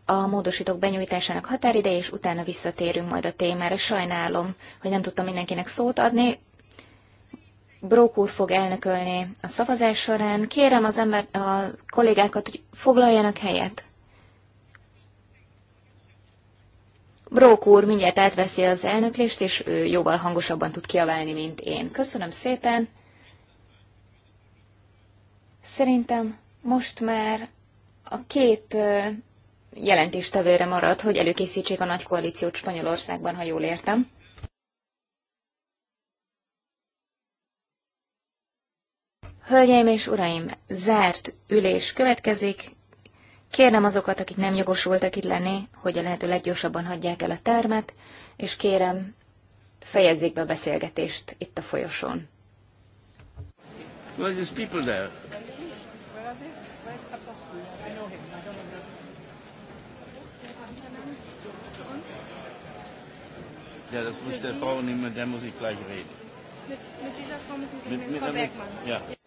a módosítók benyújtásának határideje, és utána visszatérünk majd a témára. Sajnálom, hogy nem tudtam mindenkinek szót adni. Brók úr fog elnökölni a szavazás során. Kérem az ember, a kollégákat, hogy foglaljanak helyet. Brók úr mindjárt átveszi az elnöklést, és ő jóval hangosabban tud kiaválni, mint én. Köszönöm szépen. Szerintem most már a két jelentéstevőre marad, hogy előkészítsék a nagy koalíciót Spanyolországban, ha jól értem. Hölgyeim és uraim, zárt ülés következik. Kérem azokat, akik nem jogosultak itt lenni, hogy a lehető leggyorsabban hagyják el a termet, és kérem, fejezzék be a beszélgetést itt a folyosón. Well, there's people there. Where Where is? I I know know him. him. don't Ja, das muss der Frau, mit der muss ich gleich reden. Mit, mit dieser Frau müssen wir reden. Frau mit, ja.